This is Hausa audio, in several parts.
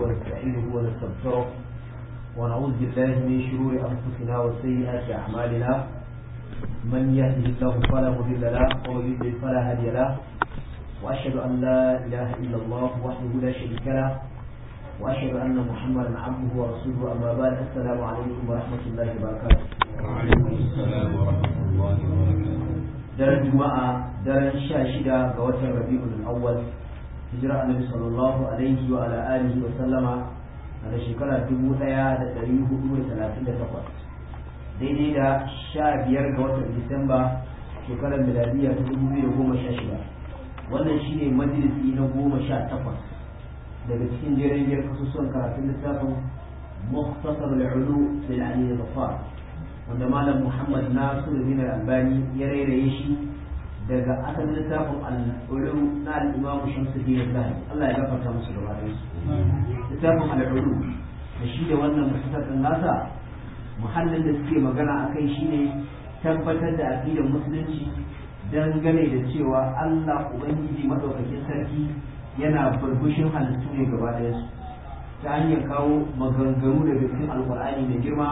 ونستعينه ونستغفره ونعوذ بالله من شرور أنفسنا وسيئات أعمالنا من يهده الله فلا مضل له ومن يضلل فلا هادي له وأشهد أن لا إله إلا الله وحده لا شريك له وأشهد أن محمدا عبده ورسوله أما بعد السلام عليكم ورحمة الله وبركاته وعليكم السلام ورحمة الله وبركاته daren juma'a daren sha shida ga watan rabi'ul awwal hijira annabi sallallahu alaihi wa ala alihi wa sallama a da shekara takwas daidai da biyar ga watan disamba shekarar miladiya ta shida wannan shine majalisi na takwas daga cikin jerin biyar kasusuwan karatun littafin مختصر wanda malam muhammad وعندما لم محمد ناصر albani ya rairaye shi. daga asalin littafin al'ulu na al'imamu shamsuddin yasani Allah ya gafarta musu da bayan su littafin al'ulu da shi da wannan mutasarrafin nasa muhallin da suke magana a kai shi ne tabbatar da aqidar musulunci dangane da cewa Allah ubangiji maɗaukakin sarki yana burbushin halittu ne gaba ɗaya su ta hanyar kawo maganganu daga cikin alƙur'ani da girma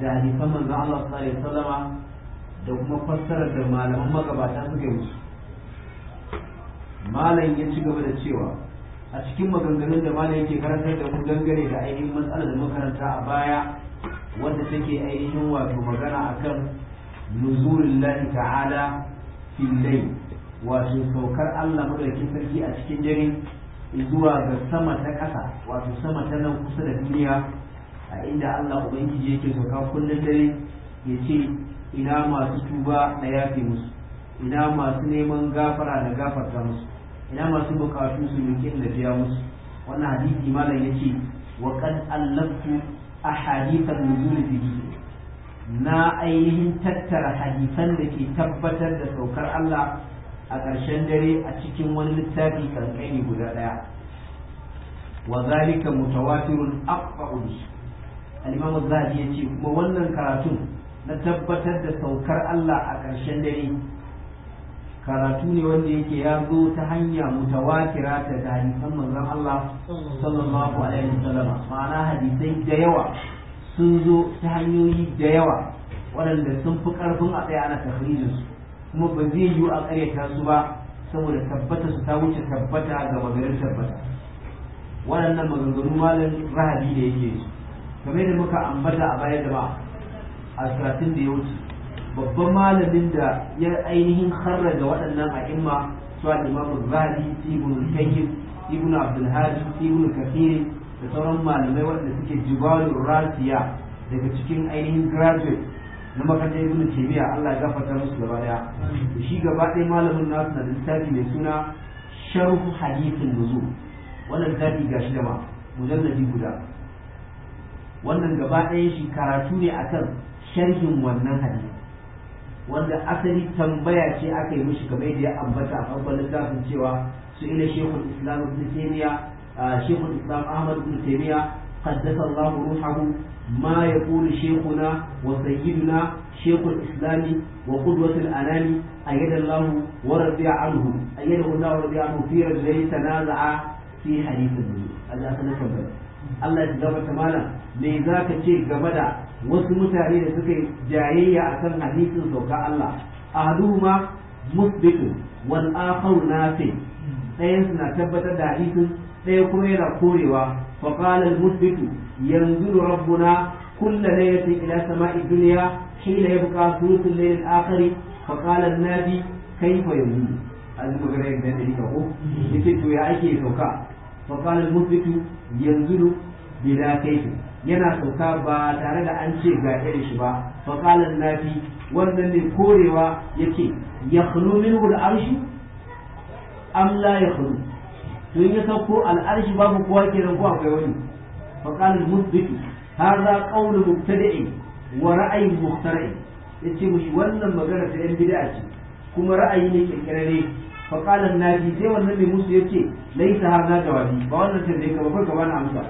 da hadisan manzon Allah sallallahu alaihi wasallama da kuma fassarar da malaman magabata suka yi musu malam ya ci gaba da cewa a cikin maganganun da malam yake karantar da mu dangane da ainihin matsalar makaranta a baya wanda take ainihin wato magana akan nuzulillahi ta'ala fil layl wato saukar Allah madaukakin sarki a cikin dare zuwa ga sama ta ƙasa wato sama ta nan kusa da duniya a inda Allah ubangiji yake sauka kullum dare ya ce ina masu tuba na yafe musu ina masu neman gafara na gafarta musu ina masu bukatu su yankin da biya musu wannan hadisi malam yace wa qad allaftu ahadith hadisar nuzul bihi na ainihin tattara hadisan da ke tabbatar da saukar Allah a ƙarshen dare a cikin wani littafi kankani guda ɗaya wa zalika mutawatirun aqfa'u al-imam az-zahabi yace kuma wannan karatun na tabbatar da saukar Allah a ƙarshen dare karatu ne wanda yake ya zo ta hanya mutawatira ta da hadisan manzon Allah sallallahu alaihi wasallam ma'ana hadisai da yawa sun zo ta hanyoyi da yawa waɗanda sun fi ƙarfin a tsaya ana tafrijin su kuma ba zai yiwu a ƙaryata su ba saboda tabbata su ta wuce tabbata ga magarin tabbata waɗannan maganganu malam rahabi da yake su kamar yadda muka ambata a baya da ba a satin da ya wuce babban malamin da ya ainihin da waɗannan a'imma su al imamu Ghali ibn kayyim ibn Abdul Hadi ibn da sauran malamai waɗanda suke jibalu rasiya daga cikin ainihin graduate na makarantar ibn kimiyya Allah ya gafarta musu gaba daya shi gaba ɗaya malamin nasu na littafi mai suna sharh hadithin nuzul wannan littafi gashi da ma mujalladi guda wannan gaba ɗaya shi karatu ne akan sharhin wannan hadisi wanda asali tambaya ce aka yi mishi kamar da ya ambata a farkon littafin cewa su ila shekul islam ibn taymiya shekul islam ahmad ibn taymiya qaddasa allah ruhahu ma yaqulu shekuna wa sayyiduna shekul islam wa qudwatul anami ayyada allah wa radiya anhu ayyada allah wa radiya anhu fi rajulin tanaza'a fi hadithin al-asana tambaya Allah ya ta malam me zaka ce game da wasu mutane da suka yi jayayya a kan hadisin sauka Allah a ma musbiku wal akhar nafi ɗaya suna tabbatar da hadisin ɗaya kuma yana korewa fa qala al kulla yanzuru rabbuna kullu laylatin ila sama'i dunya hina yabqa sulthul layl al akhir fa na fi kai yanzuru an zuwa ga yadda ne ka ko mm. yake to ya ake sauka fa qala yanzu musbiku yanzuru yana sauka ba tare da an ce ga irin shi ba fa qala nafi wannan ne korewa yake khulu minhu al arshi am la yakhlu to in ya sauko al-arshi babu kowa kenan ko akwai wani fa qala al-musbiti hadha qawlu mubtadi'i wa ra'ayi mukhtari yace mushi wannan magana ta yan bid'a ce kuma ra'ayi ne kirkirare fa qala nafi sai wannan mai musu yace laisa hadha jawabi ba wannan tambaye ka ba ko ka bani amsa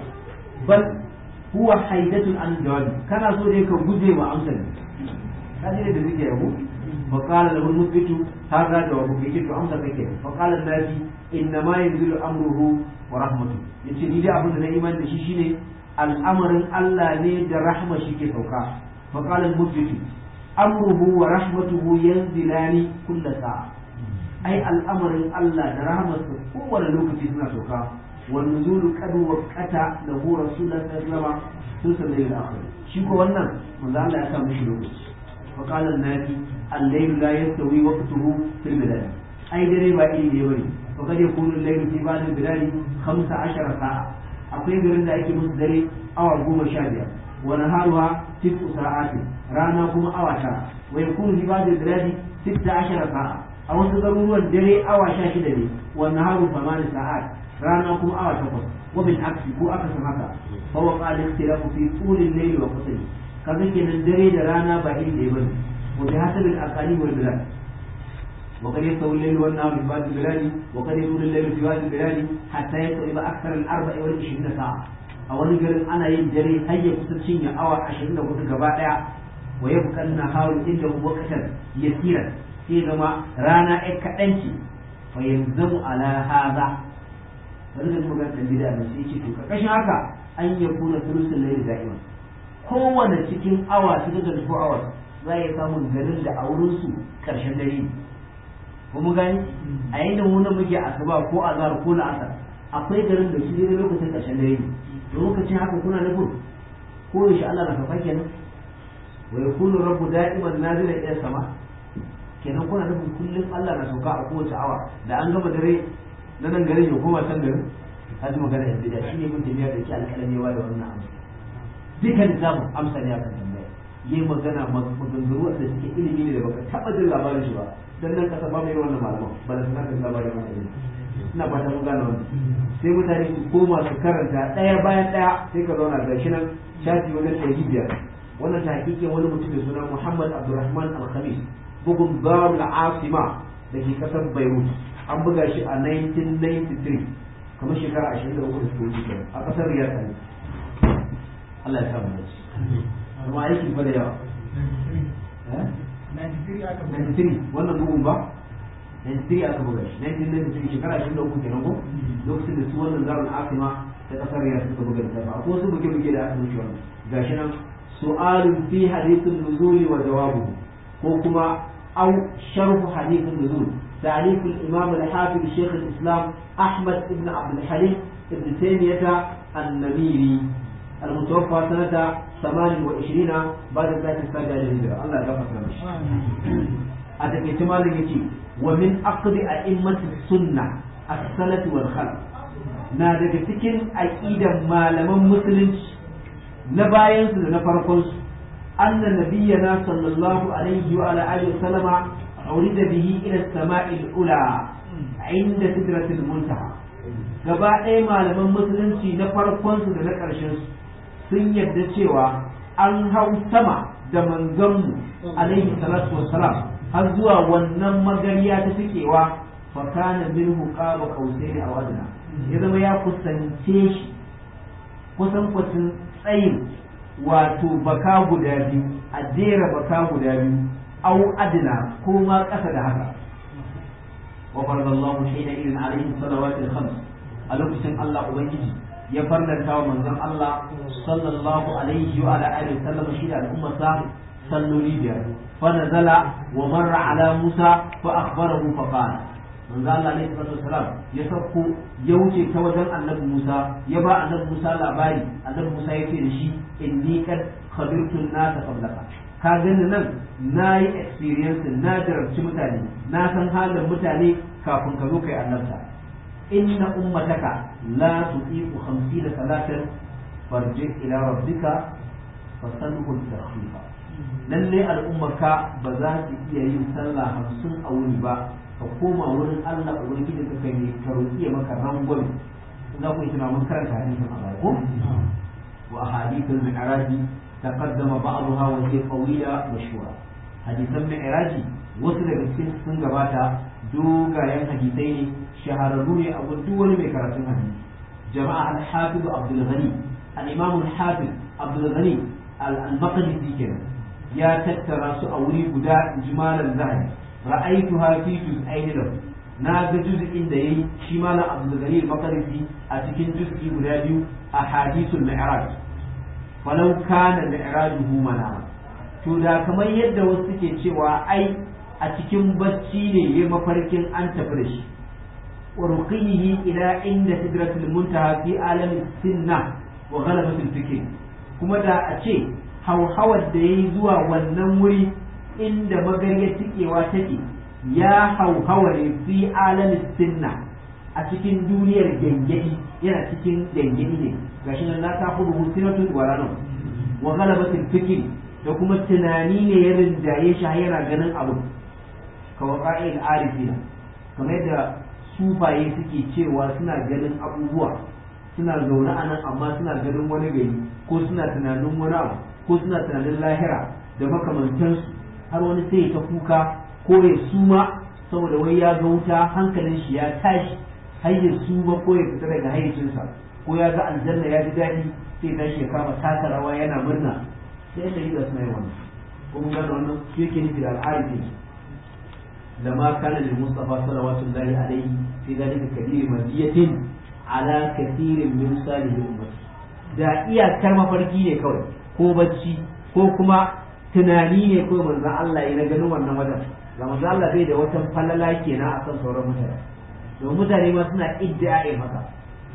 bal huwa haidatun an jawabi kana so dai ka guje ma amsar ka ji da muke yabo fa qala lahu mutbitu hadha jawabu yake to amsa kake fa qala nabi inna ma yanzilu amruhu wa rahmatu. yace ni dai abin da na iman da shi shine al'amarin Allah ne da rahma shi ke sauka fa qala al-mutbitu amruhu wa rahmatuhu yanzilani kullu sa'a ai al'amarin Allah da rahmarsa kowane lokaci suna sauka والنزول قد وقت له رسول الله صلى الله عليه وسلم ثلث الليل الآخر شيكو wannan manzo Allah ya sa mishi lokaci fa qala an-nabi al-layl la yastawi waqtuhu fil bilad ai dare ba iri ne bane fa kada yakunu al-layl fi ba'd al-bilad 15 sa'a akwai garin da ake musu dare awa 15 wa naharuha tis'u sa'atin rana kuma awa 9 wa yakunu fi ba'd al-bilad 16 sa'a a wasu garuruwan dare awa shida ne wani wa naharu 8 sa'at rana kuma awa takwas wabin aksi ko aka san haka bawa kali tira ku fi kuli lai wa kusai ka zange nan dare da rana ba yin da yabani ko da hasa bin akali wal bilani wa kare sau lai wa nawa fiwa da bilani wa kare sau lai wa fiwa da bilani hatta ya kawai ba aksar al'arba a wani ishirin da sa'a a wani garin ana yin dare har ya kusa cinye awa ashirin da kusa gaba daya wa ya bukan na haru inda wakatar ya sai zama rana ya kaɗanci fa yanzu ala haza sannan kuma ga gida ne shi ke tuka karkashin haka an yi kuna sulusul layl da'iman kowanne cikin awa su da ko awa za ya samu garin da auren su karshen dare ko mu gani a yayin da mu nan muke asuba ko zar ko la'asar akwai garin da shi ne lokacin karshen dare to lokacin haka kuna nufin ko yaushe Allah na kafa kenan wa yakunu rabbu da'iman nazila ila sama kenan kuna nufin kullum Allah na sauka a kowace awa da an gama dare na nan garin ya san can garin ta ji magana yan bida shi ne mun tafiya da shi alƙalami ya waye wannan amsa duka littafin amsa ne akan tambaya yayi magana maganganu da suke ilimi ne da baka taɓa jin labarin shi ba dan nan kasa ba mai wannan malaman ba da sanar da labarin wannan ina ba ta gane wannan sai mutane su koma su karanta ɗaya bayan ɗaya sai ka zauna ga shi nan shafi wajen ɗari biyar wannan ta hakikin wani mutum da suna Muhammad Abdulrahman Al-Khamis bugun al Asima da ke kasar Beirut an buga shi a 1993 kamar shekara 23 da suka wuce kan a kasar riyar ɗan Allah ya sa mu dace amma yake ba da yawa 93 eh? wannan bugun ba 93 aka buga shi 1993 shekara 23 kenan ko lokacin da su wannan zarun asima ta kasar riyar suka buga da ba ko su buge buge da aka wuce wannan gashi nan سؤال في حديث النزول وجوابه وكما ko kuma حديث النزول تعليق الإمام الحافظ شيخ الإسلام أحمد بن عبد الحليم بن تيمية النميري المتوفى سنة 28 بعد ذلك السابعة للهجرة الله يغفر له أتكي تمالك يجي ومن أقد أئمة السنة السلة والخلق na daga cikin aƙidan malaman musulunci na bayansu da na farkonsu annan nabiyya na sallallahu alaihi wa ala alihi sallama أورد به إلى السماء الأولى عند سدرة المنتهى gaba ɗaya malaman musulunci na farkonsu da na ƙarshen sun yarda cewa an hau sama da manzanmu alaihi salatu wassalam har zuwa wannan magariya ta fikewa fa kana minhu qaba qausaini a adna ya zama ya kusance shi kusan kwacin tsayin wato baka guda biyu a jera baka guda biyu au adana, ko ma ƙasa da haka wa faradallahu hina irin alaihi salawatul khams a lokacin Allah ubangiji ya farlanta wa manzon Allah sallallahu alaihi wa ala alihi sallam shi da al'ummarsa salloli biyar fa nazala wa marra ala Musa fa akhbarahu fa qala manzo Allah alaihi salatu wasalam ya sauko ya wuce ta wajen annabi Musa ya ba annabi Musa labari annabi Musa ya ce da shi inni kad khabirtu nasa qablaka ka gani nan na yi experience na jarabci mutane na san halin mutane kafin ka zo kai annabta inna ummataka la tuqifu da salatan farji ila rabbika fasalhu tarhifa lalle al'ummarka ba za su iya yin sallah hamsin a wuri ba ka koma wurin Allah a wurin gidan kai ne ka roƙi ya maka rangon za ku yi tunanin karanta hadisin a baya ko wa hadithul تقدم بعضها waje قوية مشهورة حديث ابن عراجي wasu daga cikin sun gabata dogayen hadisai ne shahararru ne a duk wani mai karatun hadisi jama'a al-hafiz abdul ghani al-imam al-hafiz ya tattara su a wuri guda jimalan zahabi ra'aytuha fi juz'ayn lahu na ga juz'in da ya yi malam abdul ghani al a cikin juz'i guda biyu a hadithul mi'raj falau kana mi'rajuhu manama to da kamar yadda wasu suke cewa ai a cikin bacci ne ya mafarkin an tafi da shi wa ila inda sidratul muntaha fi alamin sinna wa ghalabatul fikr kuma da a ce hauhawar da yayi zuwa wannan wuri inda magariyar tikewa take ya hauhawar fi alamin sinna a cikin duniyar gangadi yana cikin gangadi ne gashi nan la ta'khudhu sinatun wa la wa ghalabatil fikr da kuma tunani ne ya rinjaye shi yana ganin abu ka arifi na kamar yadda sufaye suke cewa suna ganin abubuwa suna zaune a nan amma suna ganin wani gari ko suna tunanin wani abu ko suna tunanin lahira da makamantansu har wani sai ta kuka ko ya suma saboda wai ya ga wuta hankalin shi ya tashi hayyar su ba ko ya fita daga hayyacinsa ko ya ga aljanna ya ji daɗi sai shi ya kama taka rawa yana murna sai ya yi zasu yi wannan ko mun gano wannan shi yake nufi da al'arifi ma kana lil mustafa sallallahu alaihi sai fi dalika kabiri madiyatin ala kathirin min salihin ummati da iyakar mafarki ne kawai ko bacci ko kuma tunani ne ko manzon Allah ya na ganin wannan wajen ga manzon Allah bai da wata falala kenan akan sauran mutane don mutane ma suna iddia'in haka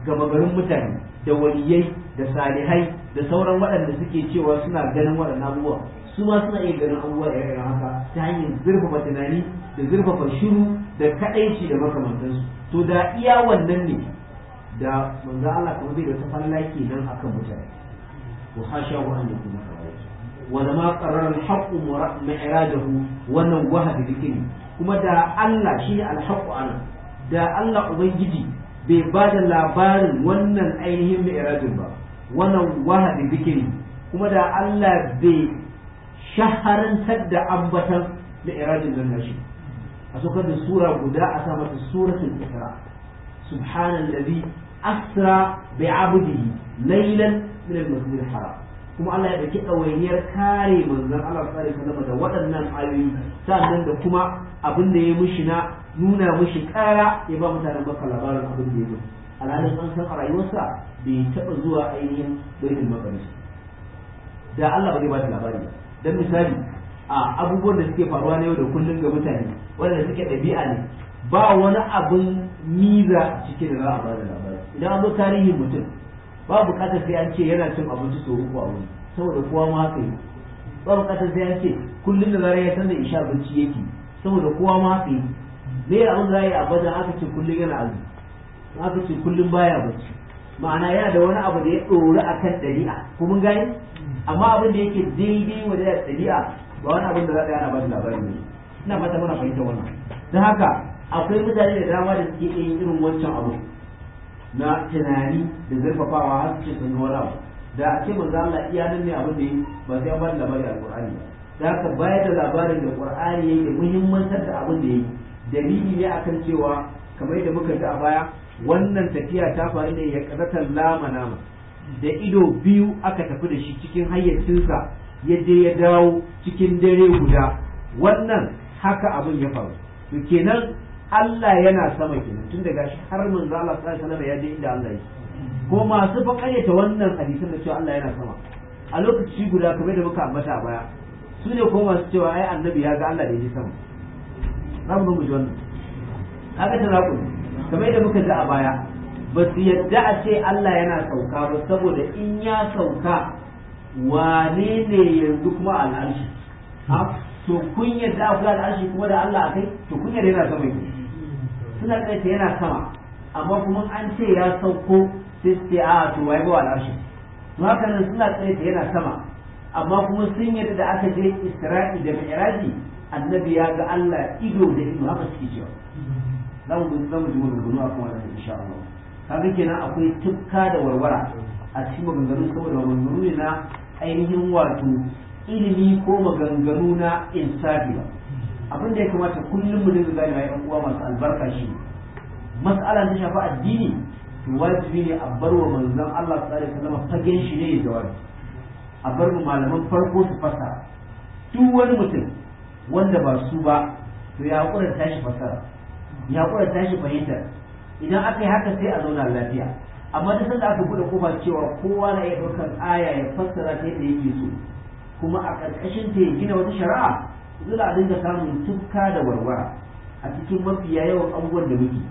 gama garin mutane da waliyai da salihai da sauran waɗanda suke cewa suna ganin waɗannan abubuwa su ma suna iya ganin abubuwa da irin haka ta hanyar zurfafa tunani da zurfafa shiru da kaɗaici da makamantansu to da iya wannan ne da manzo Allah kuma zai da ta falla kenan akan mutane wa hasha wa an yakuna wa da ma qarrara al-haqq mi'rajahu wannan wahad dhikri kuma da Allah shi al-haqq anan da Allah ubangiji bai ba da labarin wannan ainihin mi'rajin ba wannan wahadi da kuma da Allah bai shaharantar da ambatan mi'rajin nan shi a sokar da sura guda a sama mata suratul isra subhanallazi asra bi 'abdihi laylan min al-masjid al-haram kuma Allah ya dauki ɗawainiyar kare manzon Allah sallallahu alaihi wasallam da waɗannan ayoyi sannan da kuma abin da ya mushi na nuna mushi ƙara ya ba mutanen maka labarin abin da ya zo, alhalin an san a rayuwarsa bai taɓa zuwa ainihin baitul maqdis da Allah bai ba shi labari ba dan misali a abubuwan da suke faruwa na yau da kullum ga mutane wanda suke ɗabi'a ne ba wani abin miza cikin da za a bada labari idan an zo tarihin mutum ba buƙatar sai an ce yana cin abinci sau uku a wuri saboda kowa ma haka yi ba buƙatar sai an ce kullum da zarar ya san da isha abinci yake saboda kowa ma haka yi me ya an a a bada aka ce kullum yana azu aka ce kullum baya bacci ma'ana yana da wani abu da ya dori a kan ɗari'a ko mun gani amma abin da yake daidai wa da ɗari'a ba wani abin da za ka yana ana ba da labari ne ina fata mana fahimta wannan don haka akwai mutane da dama da suke yin irin wancan abu na tunani da zurfafawa har su ce sun wani abu da a ce manzo Allah iya nan ne abin da yi ba sai an ba labari alƙur'ani ba da haka bayar da labarin da ƙur'ani yake muhimmancin da abin da yake dalili ne akan cewa kamar yadda muka ji a baya wannan tafiya ta faru ne ya karata lama nama da ido biyu aka tafi da shi cikin hayyacinsa ya je ya dawo cikin dare guda wannan haka abin ya faru to kenan Allah yana sama kenan tun daga shi har za Allah sai sanar ya je inda Allah yake ko masu fa ta wannan hadisin da cewa Allah yana sama a lokaci guda kamar da muka ambata a baya su ne ko masu cewa ai annabi ya ga Allah da yake sama za mu zo mu ji wannan kaga da zaku kamar yadda muka ji a baya ba su yadda a ce Allah yana sauka ba saboda in ya sauka wane ne yanzu kuma al'arshi to kun yadda kula al'arshi kuma da Allah kai to kun yadda yana sama yake suna ta yana sama amma kuma an ce ya sauko sai su ce a to waye ba al'arshi kuma haka nan suna kaita yana sama amma kuma sun yadda da aka je Isra'i da Mi'raji annabi ya ga Allah ido da ido haka suke cewa za mu za mu ji maganganu a kuma da insha Allah kaga kenan akwai tukka da warwara a cikin maganganu saboda maganganu ne na ainihin wato ilimi ko maganganu na insafi abin da ya kamata kullum mu dinga gane ɗan uwa masu albarka shi mas'ala ta shafi addini to wajibi ne a bar wa manzon Allah sallallahu alaihi wasallam fagen shi ne ya jawabi a bar mu malaman farko su fasa duk wani mutum wanda ba su ba to ya haƙura tashi fasara ya tashi fahimtar idan aka yi haka sai a zauna lafiya amma da sanda aka buɗe kofa cewa kowa na iya ɗaukar aya ya fassara ta yadda yake so kuma a ƙarƙashin ta ya gina wata shari'a dole a dinga samun tufka da warwara a cikin mafiya yawan abubuwan da muke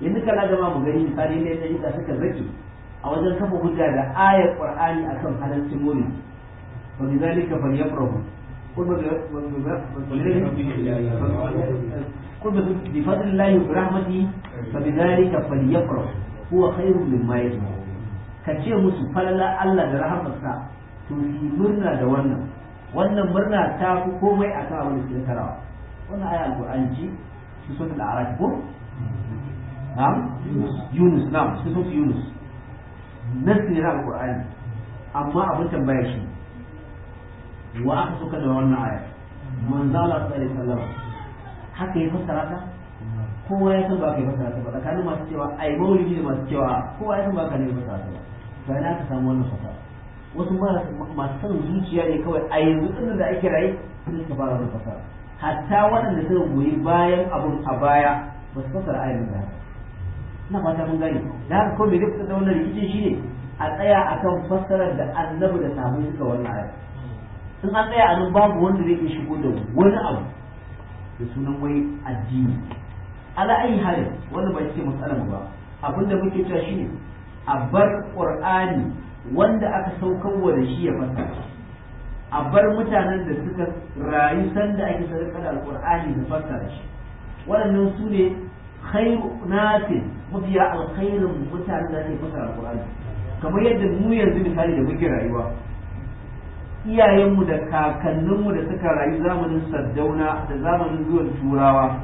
yanzu kana gama mu gani misali ne da yadda suka zaki a wajen kafa hujja da ayar ƙur'ani akan halaccin mulki fa bi zalika قل بفضل الله وبرحمته فبذلك فليفرح هو خير مما يجمعون kace musu falala Allah da rahamarsa to yi murna da wannan wannan murna ta fi komai a kan abin da suke tarawa wannan aya alƙur'ani ce su sun da araki ko na'am Yunus na'am su Yunus amma abin tambaya shi wa aka suka da wannan aya manzo Allah sallallahu alaihi wasallam haka yi fassara ta kowa ya san ba ka yi fassara ta ba tsakanin masu cewa ai maulidi ne masu cewa kowa ya san ba ka yi fassara ta ba sai na ka samu wannan fassara wasu masu san zuciya ne kawai a yanzu din da ake rayi sun ka fara wannan fassara hatta waɗanda suka goyi bayan abun a baya ba su fassara ayin da na fata mun gane da haka kawai mai duk da wannan rikicin ne a tsaya akan fassarar da annabi da sahabbai suka wannan ayat sun an tsaya a nan babu wanda zai iya shigo da wani abu da sunan wai addini ala ayi hali wanda ba yake matsalar ba abinda muke cewa shine a bar qur'ani wanda aka saukarwa da shi ya fassara a bar mutanen da suka rayu sanda ake sadaka da alqur'ani da fassara shi waɗannan su ne khairu nasin mafiya alkhairin mutanen da ake fassara alqur'ani kamar yadda mu yanzu misali da muke rayuwa iyayenmu da kakanninmu da suka rayu zamanin sardauna da zamanin zuwan turawa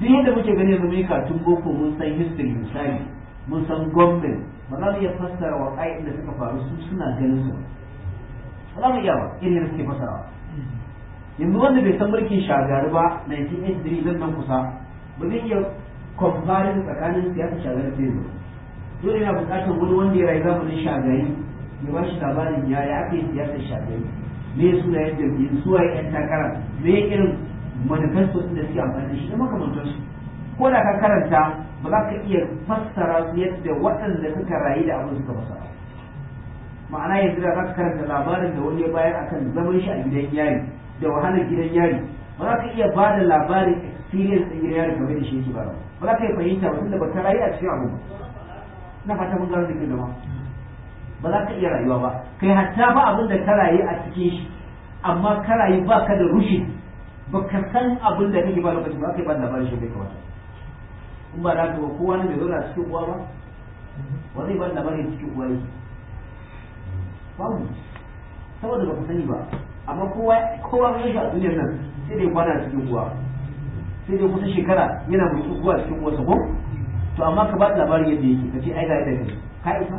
duk yadda muke gani yanzu mai katun boko mun san history misali mun san gwamnati ba za mu iya fassara wa ƙa'in da suka faru su suna ganin su ba za mu iya ba irin da suke fassarawa yanzu wanda bai san mulkin shagari ba 1983 zan nan kusa ba zai iya kwamfarin tsakanin siyasa shagari da yanzu dole yana buƙatar wani wanda ya rayu zamanin shagari ya ba shi labarin ya ya aka yi siyasar shafi'i me suna yadda biyu suwa yan takara me irin manifesto da suke amfani da shi da makamantansu ko da ka karanta ba za ka iya fassara su yadda waɗanda suka rayu da abin suka fassara ma'ana yanzu da za ka karanta labarin da wani ya bayar akan zaman shi a gidan yari da wahalar gidan yari ba za ka iya ba da labarin experience ɗin gidan yari game da shi yake ba ba za ka iya fahimta ba tunda ba ka rayu a cikin abu na fata mun gano da ke zama ba za ka iya rayuwa ba kai hatta ba abin da ka rayu a cikin shi amma ka rayu ba ka da rushin ba ka san abin da kake ba lokacin ba kai ba labarin shi bai kawata in ba za ka ba kowa ne bai zauna cikin uwa ba ba zai ba labarin cikin uwa yake babu saboda ba ka sani ba amma kowa kowa ba shi a duniyar nan sai dai kwana cikin uwa sai dai kusa shekara yana mutu uwa cikin uwarsa ko to amma ka ba labarin yadda yake ka ce ai ga yadda ka isa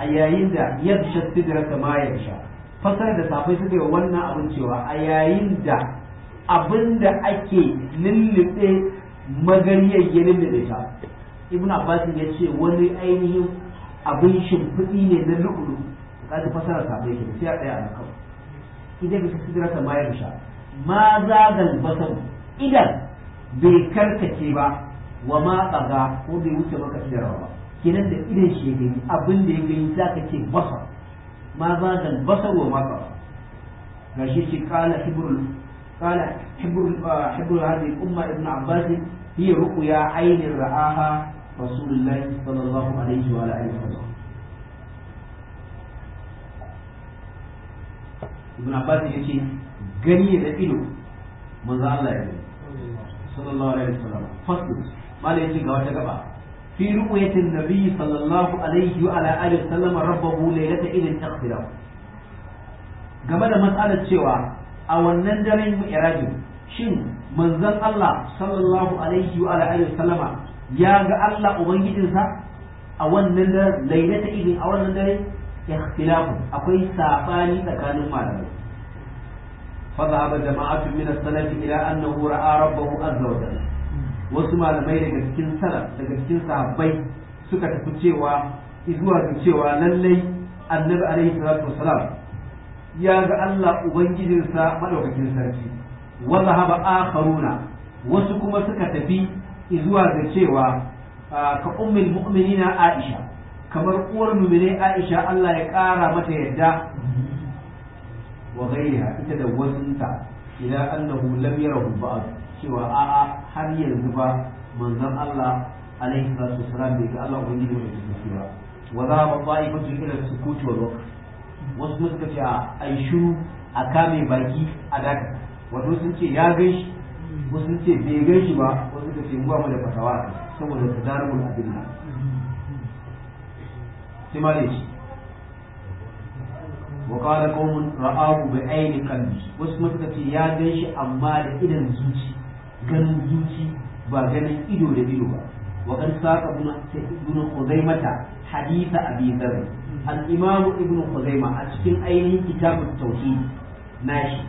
a yayin da yarsha sidrata ma yarsha fasar da safai suka yi wannan abin cewa a yayin da abin da ake lullube magariyar ya lullube ta ibn abbas ya ce wani ainihin abin shimfiɗi ne na lu'ulu ka ji fasara safai ke sai a tsaya a kan idan bisa sidrata ma yarsha ma zagal basar idan bai karkace ba wa ma tsaga ko bai wuce maka sidarawa ba kenan da idan shi ya gani abin da ya gani za ka ce basa ma za ka basa wa maka ga shi ce kala hibrul kala hibrul ah, hibrul hadi umma ibn abbas hiya ruqya ainin ra'aha rasulullahi sallallahu alaihi wa alihi sallam ibn abbas ya ce gani da ido manzo Allah ya sallallahu alaihi sallam fasu malai ce ga wata gaba في رؤية النبي صلى الله عليه وعلى آله وسلم ربه ليلة إذن اختلاف game da matsalar cewa a wannan daren mi'raji shin manzon Allah sallallahu alaihi wa alihi wasallama ya ga Allah ubangijinsa a wannan daren lailata idin a wannan dare ikhtilafu akwai sabani tsakanin malamai fa dhahaba jama'atu min as-salaf ila annahu ra'a wasu malamai daga cikin salaf daga cikin sahabbai suka tafi cewa "Izuwa ga cewa lallai annabi alaihi salatu wasalam ya ga Allah ubangijinsa madaukakin sarki wa zahaba akharuna wasu kuma suka tafi izuwa da cewa ka ummul mu'minina Aisha kamar uwar mu'mine Aisha Allah ya kara mata yadda wa ghayriha ita da wasunta ila annahu lam yarahu ba'd cewa a'a har yanzu ba manzon Allah alaihi salatu wasalam bai ga Allah ubangiji mai tsarki ba wa za ba ta'ifatu ila sukuti wal waqf wasu mun suka ce ai shiru a kame baki a daka wato sun ce ya gaishi wasu sun ce bai gaishi ba wasu sun ce mu ba mu da fatawa saboda da. adilla sai ma da shi وقال قوم رآه بعين قلبي wasu suka ce ya gan shi amma da idan zuci ganin zuci ba ganin ido da ido ba saka وقد ساق hadisa خزيمة حديث أبي Ibn الإمام a cikin ainihin أين كتاب التوحيد nashi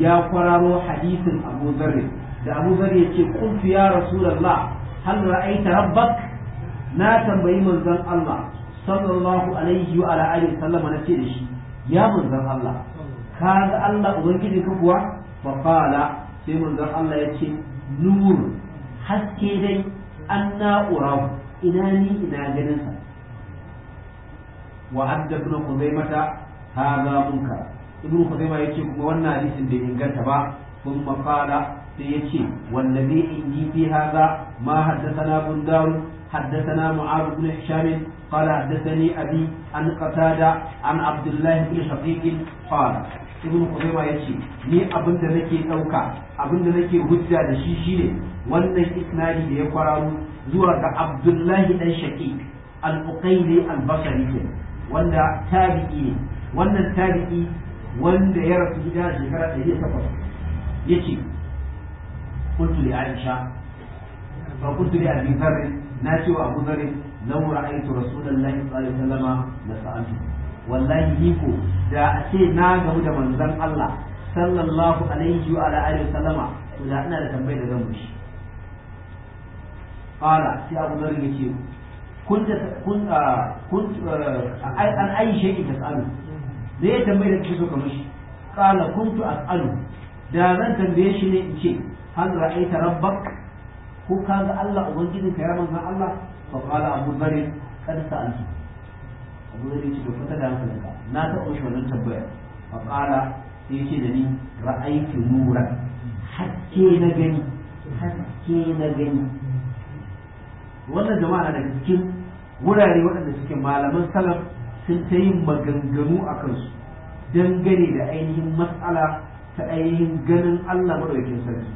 ya kwararo حديث Abu ذر da Abu Zar ya kuntu ya Rasulullah hal ra'aita rabbak na tambayi manzon Allah sallallahu alaihi wa ala alihi sallam na ce da shi ya manzon Allah ka ga Allah ubangiji ka kuwa fa qala sai manzon Allah ya ce nur haske dai an na'urahu ina ni ina ganin sa wa adda ibn khuzaimata hadha munka ibn khuzaima yace kuma wannan hadisin bai inganta ba kun maqala sai yace in ji fi hadha ma haddathana bundaru حدثنا معاذ بن هشام قال حدثني أبي عن قتادة عن عبد الله بن شقيق قال ibn Khuzaimah yace ni abin da nake dauka abin da nake hujja da shi shine wannan isnadi da ya kwararo zuwa ga Abdullahi dan Shaqiq al-Uqayli al-Basri wanda tabi'i wannan tabi'i wanda ya rasu gida shekara 108 yace قلت لعائشة فقلت na ce wa Abu ذر لو رأيت رسول الله صلى الله عليه وسلم لسألته wallahi ni ko da a ce na gamu da manzon Allah sallallahu alaihi wa ala alihi sallama to da ina da tambayar da zan mushi qala sai Abu da yace ce kun kun ah, ah, an shi shay'in tsalu da ya tambayar da kike so ka mushi qala kuntu as'alu da zan tambaye shi ne in ce hal ra'aita rabbak ko kaga Allah ubangijinka ya manzon Allah fa qala Abu Dharr kad sa'altu abu zai ce kwata da hankalinka na taɓa shi wannan tambayar faƙala sai ce da ni ra'aiki nura haske na gani haske na gani wannan jama'a na daga cikin wurare waɗanda suke malaman salaf sun ta yin maganganu a kansu dangane da ainihin matsala ta ainihin ganin Allah maɗaukin sarki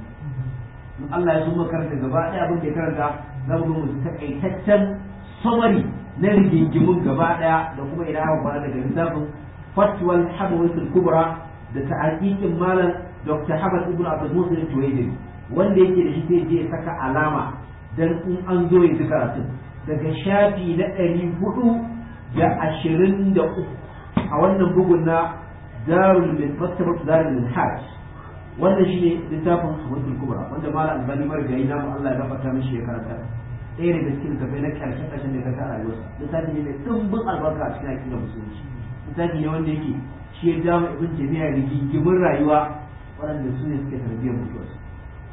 in Allah ya zo makaranta gaba ɗaya abin da ya karanta za mu ga mu takaitaccen samari na rigingimun gaba daya da kuma ina aka kwana daga littafin fatwal hadawatul kubra da ta'aqiqin malam dr hamad ibn abdul musin tuwaidin wanda yake da shi zai je saka alama dan in an zo ya ji karatun daga shafi na ɗari hudu da ashirin da uku a wannan bugun na darul min maktabat darul min hajj wannan ne littafin hadisul kubra wanda malam albani margayi na Allah ya gafarta mishi ya karanta ɗaya daga cikin littafai na ƙarshen ƙarshen da ya kasa rayuwarsa littafi ne mai ɗumbin albarka a cikin da musulunci littafi ne wanda yake shi ya jawo ibn jami'a gigimin rayuwa waɗanda su ne suke tarbiyyar mutuwarsa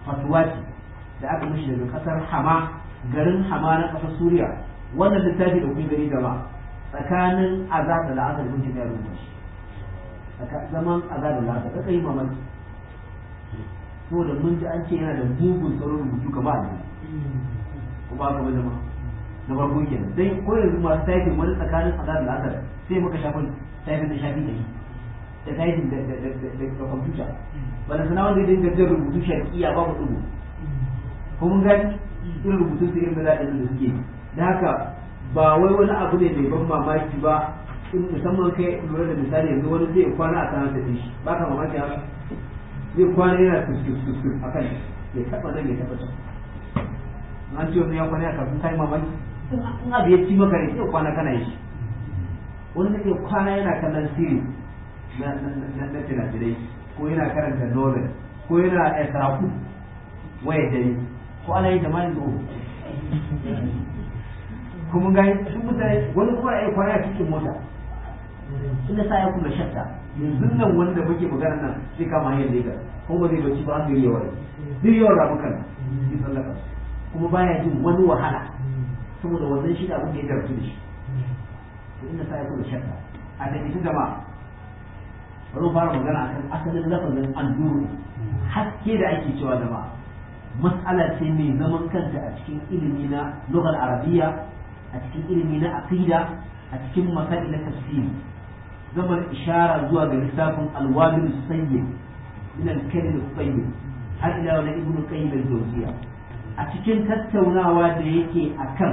fatuwa ce da aka mishi daga ƙasar hama garin hama na ƙasar suriya wannan littafi da kuma gari gaba tsakanin azab da la'asar ibn jami'a rubuta shi zaman azab da la'asar ka yi mamaki saboda mun ji an ce yana da bugun sauran rubutu kamar a ko ba ka bada ma kenan ko yanzu masu taifin wani tsakanin azar da azar sai muka shafin taifin da shafi da da taifin da kwamfuta dinga rubutu ko mun gani irin su irin da zaɗin da suke da haka ba wai wani abu ne mai ban mamaki ba in musamman kai lura da misali yanzu wani zai kwana a da shi ba ka mamaki zai kwana yana kuskus a kan ya ya an ce wannan ya kwana a kafin kai mamaki in abu ya ci maka ne sai kwana kana yi wani zai kwana yana kallon siri na na na na ko yana karanta novel ko yana esraku waya dare ko ana da mani da kuma ga sun mutane wani kuma ya kwana a cikin mota ina sa ya kuma shatta yanzu nan wanda muke magana nan sai kama hanyar lega kuma zai bacci ba an gari yawa duk ramukan yi sallaka su kuma baya jin wani wahala saboda wannan shi da abin da ya garfi da shi to inda sa ya kuma shakka a da ita gama bari fara magana akan asalin lafazin alluru haske da ake cewa gama mas'ala ce mai zaman kanta a cikin ilimi na lughal arabiya a cikin ilimi na aqida a cikin masali na tafsir zaman ishara zuwa ga lissafin alwadul sayyid min al-kalim al-tayyib har ila wani ibnu qayyim al-jawziyya a cikin tattaunawa da yake kan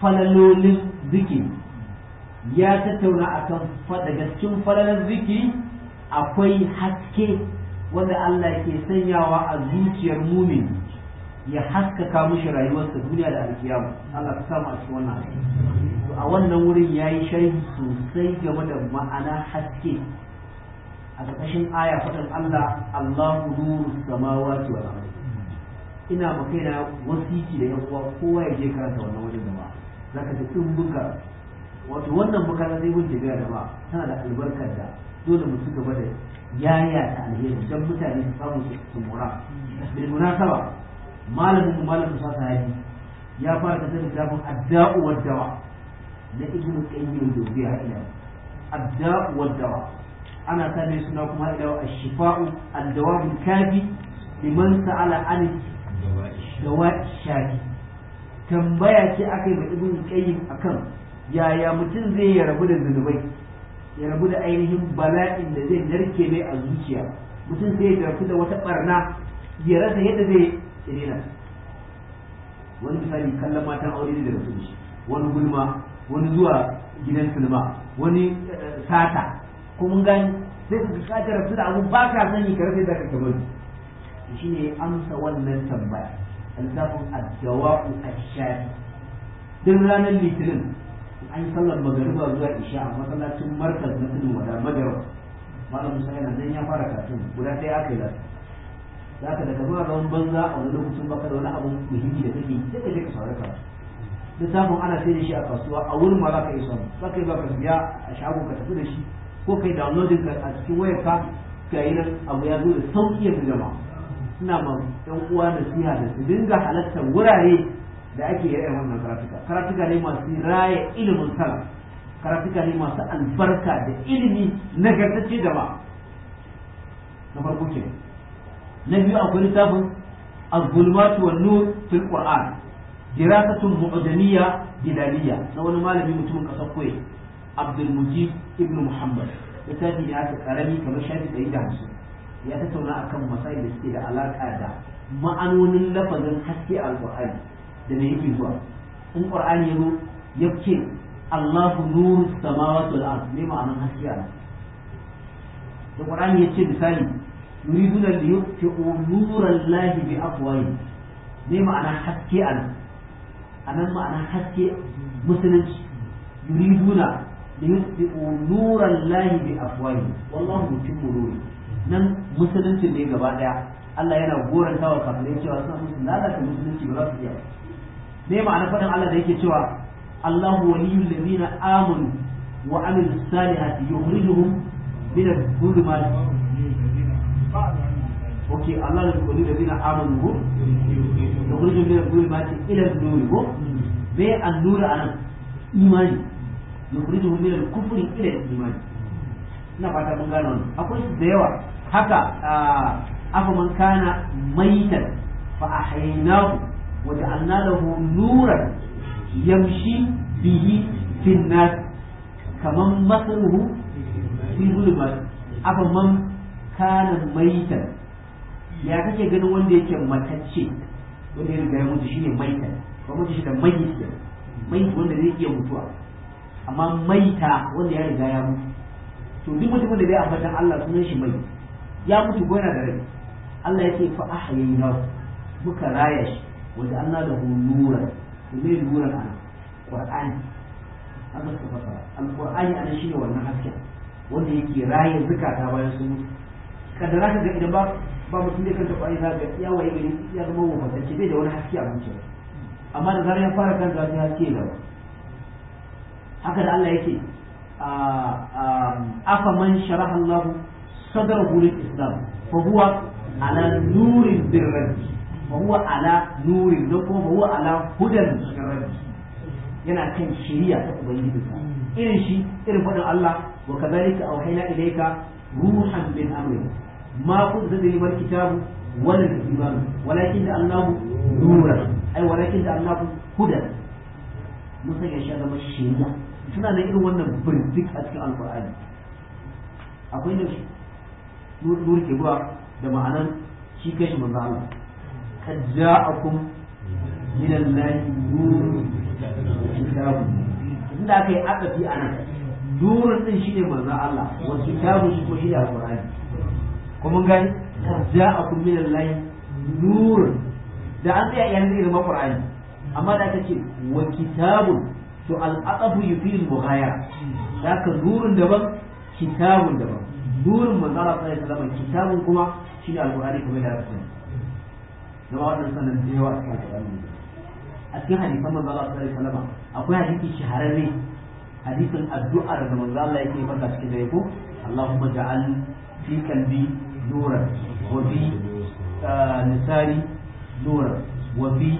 falalolin zikiri ya tattauna a kan cikin falalar ziki, akwai haske wanda Allah ke sanyawa a zuciyar mumin ya haskaka mushi rayuwarsa duniya da alkiyama Allah ka samu a cikin wannan a wannan wurin ya yi sharhi sosai game da ma'ana haske a ƙarƙashin aya faɗin Allah Allahu nuru samawati wal ardi ina ba kaina wasiki da yan kowa ya je karanta wannan wajen da ba za ka ji in buka wato wannan bukata zai wuce gaya da ba tana da albarkar da dole mu ci gaba da yaya ta alheri dan mutane su samu su mura bil munasaba malamin malam Musa Sahabi ya fara da littafin adda'u wad dawa na ibnu qayyim dubiya ila adda'u wad dawa ana sane suna kuma ila a shifau al-dawa dawau kafi liman sa'ala an dawa shari tambaya ce aka yi ibn qayyim akan yaya mutum zai ya rabu da zunubai ya rabu da ainihin bala'in da zai narke mai a zuciya mutum sai ya rabu da wata barna ya rasa yadda zai tsirena. wani misali kallon matan aure da rasu shi wani gulma wani zuwa gidan sinima, wani eh, sata kuma gani sai su kaka rasu da abu ba ka sani ka rasa da ka kamar shi ne amsa wannan tambaya ad-dawa'u ash-shafi din ranar litinin an sallar magariba zuwa isha a masallacin markaz na tudun wada madarau malam musa yana zan ya fara katun guda ɗaya aka yi lasa za ka daga zuwa zaman banza a wani lokacin baka da wani abu muhimmi da kake sai ka je ka saurari karatu littafin ana sai da shi a kasuwa a wurin ma za ka yi samu za ka yi ba ka biya a shago ka tafi da shi ko kai downloading ka a cikin wayar ka ga yi nan abu ya zo da sauƙi fi jama'a suna ma ɗan uwa na siya da su dinga halartar wurare da ake yi wannan karatuka karatuka ne masu raya ilimin sana karatuka ne masu albarka da ilimi nagartacce da ba na farko ke na biyu akwai littafin al gulmatu wa nur fil qur'an dirasatun mu'adaniya dilaliya na wani malami mutumin kasar kuwait abdul mujib ibn muhammad littafi ne aka karami kamar shafi su ya tattauna akan masail da suke da alaka da ma'anonin lafazin haske alqur'ani da me yake zuwa in qur'ani ya zo yake Allahu nuru samawati wal ard me ma'anar haske a da qur'ani yace misali yuriduna li yutfi'u nurallahi bi afwahi me ma'anar haske a anan ma'anar haske musulunci yuriduna li yutfi'u nurallahi bi afwahi wallahu mutimmu nurihi nan musulunci ne gaba daya Allah yana goranta wa kafirai cewa sun musu lalata musulunci ba za su iya me ma'ana faɗin Allah da yake cewa Allahu waliyul ladina amanu wa amilus salihati yukhrijuhum min al dhulumati Oke Allah da kulli ladina amanu yukhrijuhum min al dhulumati ila adh-nur me an-nur an imani yukhrijuhum min al-kufri ila al imani ina fata mun gano akwai su da yawa haka afa man kana maitan fa ahyaynahu wa ja'alna lahu nuran yamshi bihi fin nas kaman masruhu fi zulmat afa man kana maitan ya kake ganin wanda yake matacce wanda ya riga ya mutu shine maitan ba mutu shi da mayit mayit wanda zai iya mutuwa amma maita wanda ya riga ya mutu to duk mutumin da bai ambatan Allah sunan shi mayit ya mutu ko yana da rai Allah yake fa ahyayna buka raya shi wanda Allah da nura ne nura ana Qur'ani Allah suka fara Al-Qur'ani ana ne wannan haske wanda yake raye zukata bayan sun mutu kadara ka ga idan ba ba mutum zai kanta Qur'ani za ga ya waye gari ya zama wafantacce bai da wani haske a zuciya amma da zarar ya fara kan zafi haske da haka da Allah yake ah, ah, afa man sharaha Allahu صدره للإسلام فهو على نور بالرد فهو على نور لكم هو على هدى بالرد yana kan shari'a ta ubangiji irin shi irin faɗin Allah wa kadhalika auhayna ilayka ruhan min amri ma kunta tadri mal kitabu wal iman walakin da Allah nuran ai walakin da Allah huda mun sanya shi zama shari'a suna da irin wannan birdik a cikin alqur'ani akwai nurke ba da ma'anar shi kai shi manzo Allah kad ja'akum min Allah nurun kitabun inda kai aka fi anan nurun din shine manzo Allah wa kitabun shi ko shi da alqur'ani ko mun gani kad ja'akum min Allah nurun da an tsaya yanzu da alqur'ani amma da aka ce wa kitabun to al'aqabu yufil mughayara zaka nurun daban kitabun daban burin manzo Allah sallallahu kitabun kuma shine alqur'ani kamar da rasul da wannan sanan da yawa cikin a cikin hadisan akwai hadisi shahararre hadisin addu'ar da manzo yake maka cikin dare ko Allahumma ja'al fi nuran wa fi eh, nuran wa fi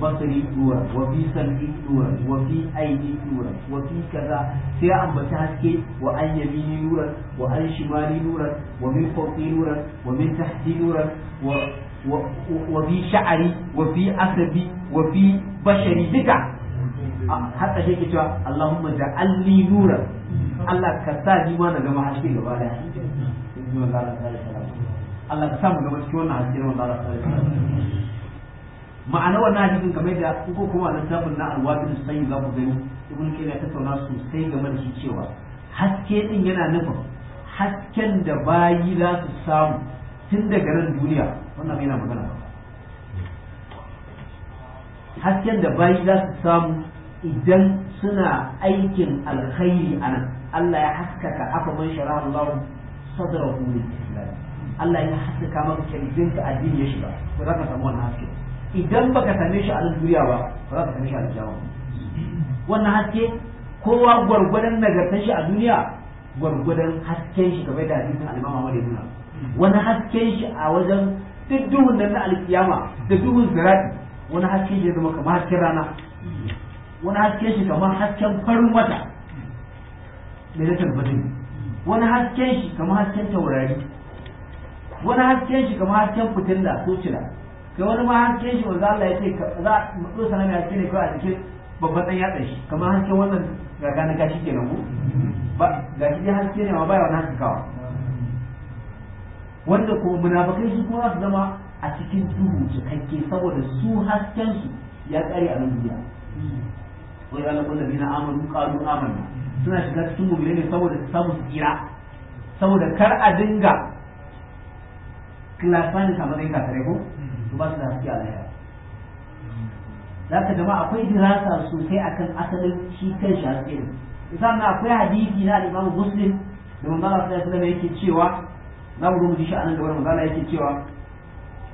basri duwar wa fi sarki duwar wa fi aini duwar wa fi kaza sai ya ambaci haske wa an ni nura, wa an shimali nura, wa min fawqi nura, wa min tahti nuran wa wa fi sha'ari wa fi asabi wa fi bashari duka hatta shi ke cewa Allahumma ja'alni nura. Allah ka sa ni ma na zama haske gaba daya Allah ka sa mu gaba cikin wannan haske na Allah sallallahu ma'ana wannan hadisin kamar da ko kuma a littafin na alwafin sai za ku gani ibn kayyim ya tattauna sosai game da shi cewa haske din yana nufin hasken da bayi za su samu tun daga nan duniya wannan yana magana hasken da bayi za su samu idan suna aikin alkhairi a nan Allah ya haskaka aka man shara Allah sadra hu lil Allah ya haskaka maka kirjinka addini ya shiga ko za ka samu wannan haske idan baka same shi a duniya ba ba za ka same shi a duniya ba wannan haske kowa gwargwadon nagartar shi a duniya gwargwadon hasken shi kamar da hadisin al-Imam Ahmad ibn wani hasken shi a wajen duk duhun nan na alkiyama da duhun zirati wani hasken shi zama kamar hasken rana wani hasken shi kamar hasken farin wata da ya tabbatin wani hasken shi kamar hasken taurari wani hasken shi kamar hasken fitilla ko cila ke wani ma hanke shi wanzu Allah ya ce za mu sanar da shi ne kawai a cikin babban ɗan yatsa shi kamar hanke wannan gaga na gashi kenan ku ba gashi dai hanke ne ma baya wani kawa wanda kuma munafakai su kuma su zama a cikin duhu kanke saboda su hasken su ya tsare a nan duniya wai ranar wanda bi na amanu kalu amadu suna shiga cikin mugire ne saboda su samu su tsira saboda kar a dinga kilafani kamar yin kasare ko to zaka jama'a akwai dirasa sosai akan asalin shi kan shi haske ne misalin akwai hadisi na al'imamu Muslim da manzo Allah sallallahu alaihi yake cewa za mu rubuta shi a nan gaban manzo Allah yake cewa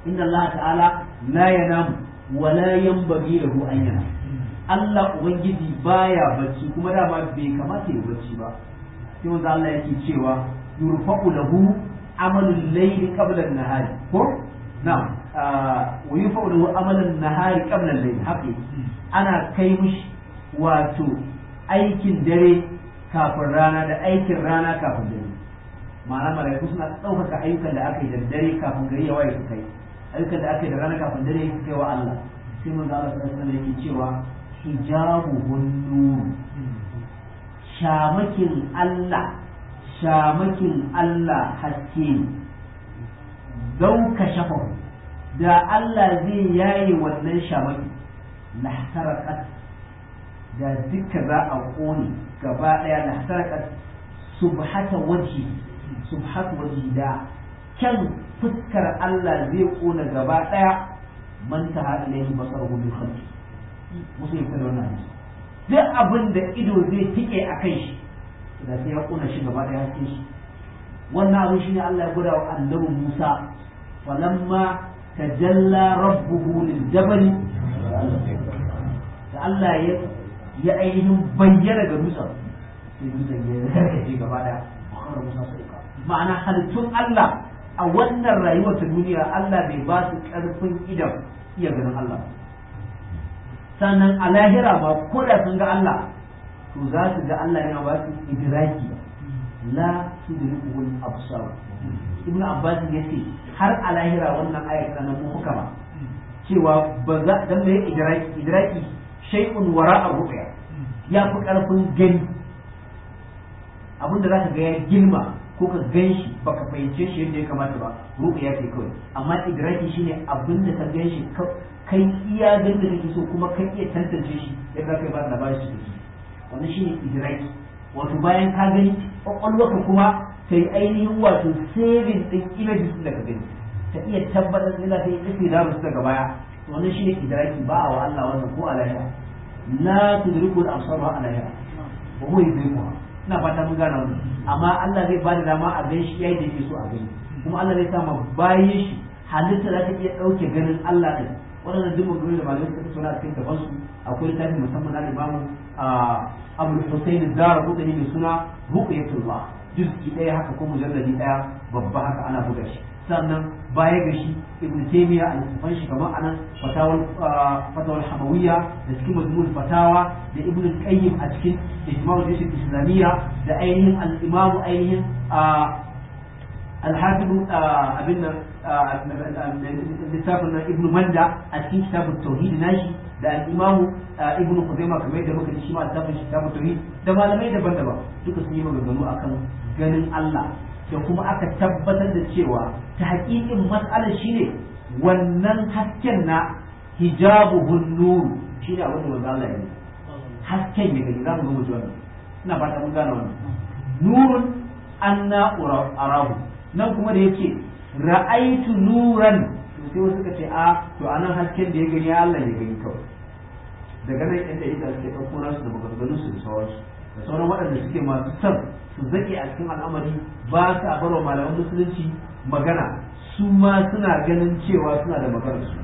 inna Allah ta'ala la yanamu wa la yanbaghi lahu an yana Allah ubangiji baya bacci kuma dama bai kamata ya bacci ba sai manzo Allah yake cewa yurfa'u lahu amalul layli qabla an-nahari ko na'am wuyi fa'udu amalin nahari qablan layl haƙi ana kai mushi wato aikin dare kafin rana da aikin rana kafin dare ma'ana malaiku suna ɗaukaka ayyukan da aka yi da dare kafin gari ya waye su kai ayyukan da aka yi da rana kafin dare su kai wa Allah sai manzo Allah sallallahu alaihi yake cewa hijabuhun nur shamakin Allah shamakin Allah haske ne shafa kashafahu da Allah zai yaye wannan shamaki lahtarakat da duka za a ƙone gaba ɗaya lahtarakat subhata wajhi subhata waje da kyan fuskar Allah zai ƙona gaba ɗaya man ta haɗa ne basar gudu khalqi musulmi ta da wannan duk abin da ido zai tike a kai shi da sai ya ƙona shi gaba ɗaya cikin shi wannan abin ne Allah ya gwada wa annabin Musa falamma تجلى ربه للجبل الله da Allah ya ya ainihin Musa ma'ana halittun Allah a wannan rayuwar ta duniya Allah bai ba su karfin idan iya ganin Allah sannan a lahira ba ko da sun ga Allah to za su ga Allah yana ba su idraki la absar ibnu abbas ya ce har a lahira wannan ayar tana mu kuka ba cewa ba za dan da idraki idraki shay'un wara'a ruqya ya fi karfin gani abinda zaka ga ya girma ko ka gan shi baka fahimce shi yadda ya kamata ba ruqya ce kawai amma idraki shine abinda ka gan shi kai iya ganin da kake so kuma kai iya tantance shi yadda zaka ba labarin shi wannan shine idraki wato bayan ka gani kwakwalwarka kuma sai ainihin wato saving din images da ka gani Ka iya tabbatar da za ta yi tafi da su daga baya wannan shine idraki ba wa Allah wannan ko alaya la tudriku al-absar wa alaya ba mu yi zuwa ina fata mun gana mu amma Allah zai ba da dama a gan shi yayi da yake so a gani kuma Allah zai sa ma bayan shi halitta za ta iya dauke ganin Allah din wannan duk mun da malamai suka tsora a cikin gabansu akwai littafi musamman na Imam ah, Abu da Hussein Zara Qutni mai suna Ruqyatul Allah juz'i ɗaya haka ko mujalladi ɗaya babba haka ana buga shi sannan baya ga shi ibn taymiya a littafan shi kamar anan fatawal ah, fatawal hamawiyya da cikin mazmun fatawa da ibn qayyim a cikin ijma'u da islamiyya da ainihin al-imam ainihin ah, al-hafiz ah, abin nan littafin ibn manda a cikin kitabut tauhid nashi da al'imamu ibnu kuzaima kamar yadda muka ji shi ma littafin shi ta mutuwi da malamai daban-daban duka sun yi maganganu akan ganin Allah da kuma aka tabbatar da cewa ta haƙiƙin matsalar shine wannan hasken na hijabu nuru shi ne abin da wanzu Allah ya hasken ya gani za mu gama wannan ina ba ta gana wannan nurun a rahu nan kuma da yake ra'aitu nuran sai wasu suka ce a to anan hasken da ya gani Allah ya gani kawai daga nan inda ita suke ɗauko nasu da maganganun su da sauransu da sauran waɗanda suke masu son su zaƙe a cikin al'amari ba a barwa malaman musulunci magana su ma suna ganin cewa suna da magana su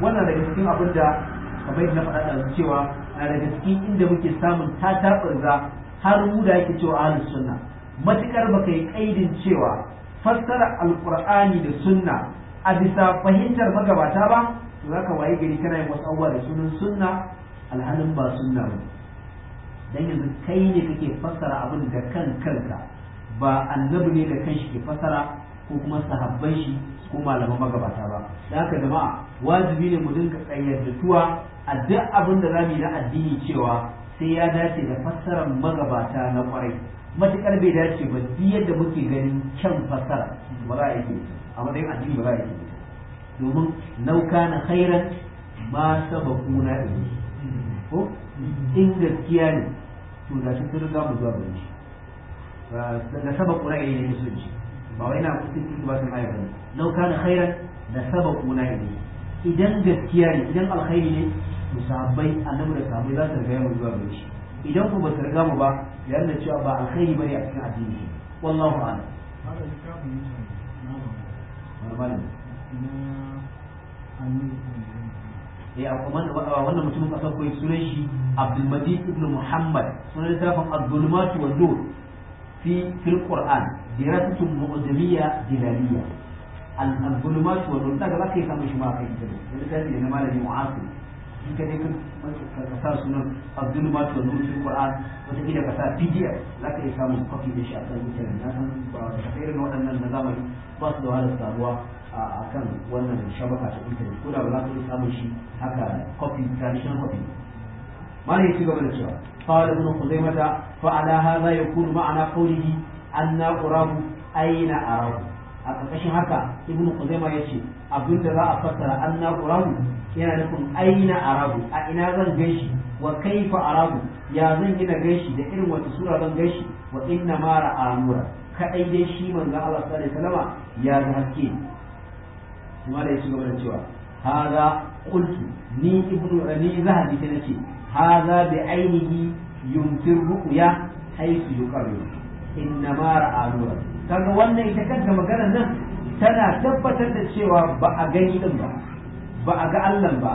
wannan daga cikin abin da kamar yadda na faɗa da cewa a daga cikin inda muke samun ta taɓarza har mu da yake cewa ahlus sunna matukar baka yi kaidin cewa fassara alqur'ani da sunna a bisa fahimtar magabata ba to zaka waye gari kana yin wasu da sunan sunna alhalin ba sunna ba dan yanzu kai ne kake fassara abin da kan kanka ba annabi ne da kanshi ke fassara ko kuma sahabban shi ko malaman magabata ba da haka jama'a wajibi ne mu dinga tsayyadatuwa a duk abin da zamu yi na addini cewa sai ya dace da fassarar magabata na kwarai matukar bai dace ba duk yadda muke ganin kyan fassara ba za a yi a matsayin addini ba za a yi domin nauka na khairan ma sabakuna ilayhi ko in gaskiya ne to da shi sun riga mu zuwa gare shi da sabaku na ilayhi ji ba wai na kusin musulunci ba su mai bane lau kana khairan da sabaku na ilayhi idan gaskiya ne idan alkhairi ne to annabi da sabai za su riga mu zuwa gare shi idan ku ba su riga mu ba ya da cewa ba alkhairi bane a cikin addini wallahu a'lam ne na na ba malamin ya wannan mutumin kasar kuwait sunan shi abdulmadi ibn muhammad sunan littafin al-zulmatu wa nur fi fil qur'an dirasatun mu'jamiyya dilaliyya al-zulmatu wa nur daga zaka yi samun shi ma kai ita da littafi ne na malami mu'asir in ka je ka sa sunan al-zulmatu wa nur fil qur'an wata kila ka sa pdf zaka yi samun kofi da shi a kan internet na san ba da irin waɗannan na zamani ba su da wahalar saruwa Akan wannan shabaka ta intanet ko da ba za ku samu shi haka kofi tradition kofi ma ne cewa, gaba da cewa fa'ala ibn khuzaimata fa'ala hadha yakunu ma'ana qawlihi anna qurabu aina arabu a kashin haka ibn khuzaima yace abin da za a fassara anna qurabu yana nufin aina arabu a ina zan gaishi wa kaifa arabu ya zan gina gaishi da irin wata sura zan gaishi wa inna mara ra'a nura kadai dai shi manzo Allah sallallahu alaihi wasallama ya ga haske kuma da ya ci gaba da cewa haza qultu ni ibnu ni zahabi ta nace haza bi ainihi yumtir ru'ya haythu yuqarru inna ma ra'a nura kaga wannan ita kanta maganar nan tana tabbatar da cewa ba a gani din ba ba a ga Allah ba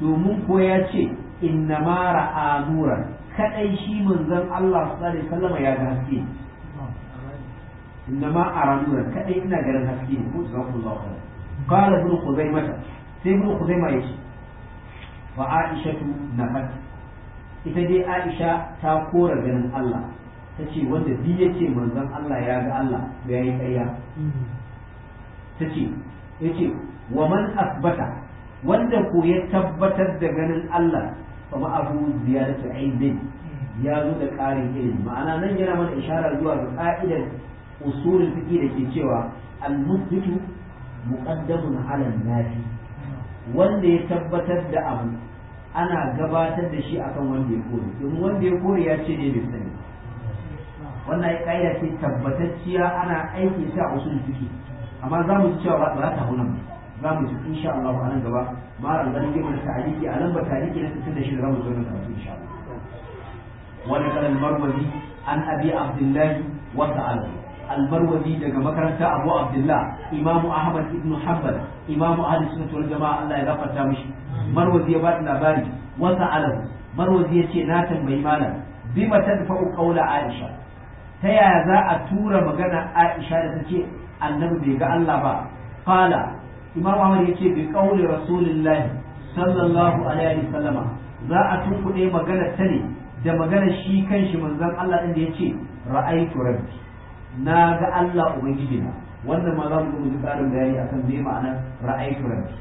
domin ko ya ce inna ma ra'a nuran kadai shi manzon Allah sallallahu alaihi wasallam ya ga haske inna ma ara nuran kadai ina ganin haske ko jazakumullahu khairan قال ابن خزيمة sai ibn Khuzaima yake wa Aisha nafat ita dai Aisha ta kora ganin Allah ta ce wanda bi yace manzon Allah ya ga Allah da yayi ƙarya ta ce yace wa man asbata wanda ko tabbatar da ganin Allah fa ma abu ziyaratu aibin ya zo da ƙarin ilimi ma'ana zan yana mana isharar zuwa ga ka'idar usulul fiqh da ke cewa al-musbitu muqaddamun ala nafi wanda ya tabbatar da abu ana gabatar da shi akan wanda ya kore domin wanda ya kore ya ce ne bai sani wannan ƙa'ida ce tabbatacciya ana aiki ta a usul fiqi amma za mu ci cewa ba za ta huna za mu ci insha Allah a nan gaba ma ran ganin mana tariki a nan ba tariki na 66 za mu zo na karatu insha Allah wani kalan marwazi an abi abdullahi wa ta'ala almarwazi daga makaranta abu abdullah imamu ahmad ibn hanbal imamu ahli sunnah wal jama'a Allah ya gafarta mishi marwazi ya ba da labari wasa alam marwazi ya ce na tambayi malam bima tadfa'u qawla aisha ta yaya za a tura magana aisha da take annabi bai ga Allah ba Fala. imamu ahmad ya ce bi qawli rasulillahi sallallahu alaihi wasallama za a tunkuɗe magana ta ne da magana shi kanshi manzon Allah din ya ce na ga Allah ubangiji na wannan ma za mu gudu tsarin bayani akan me ma'anar ra'ayi rabbi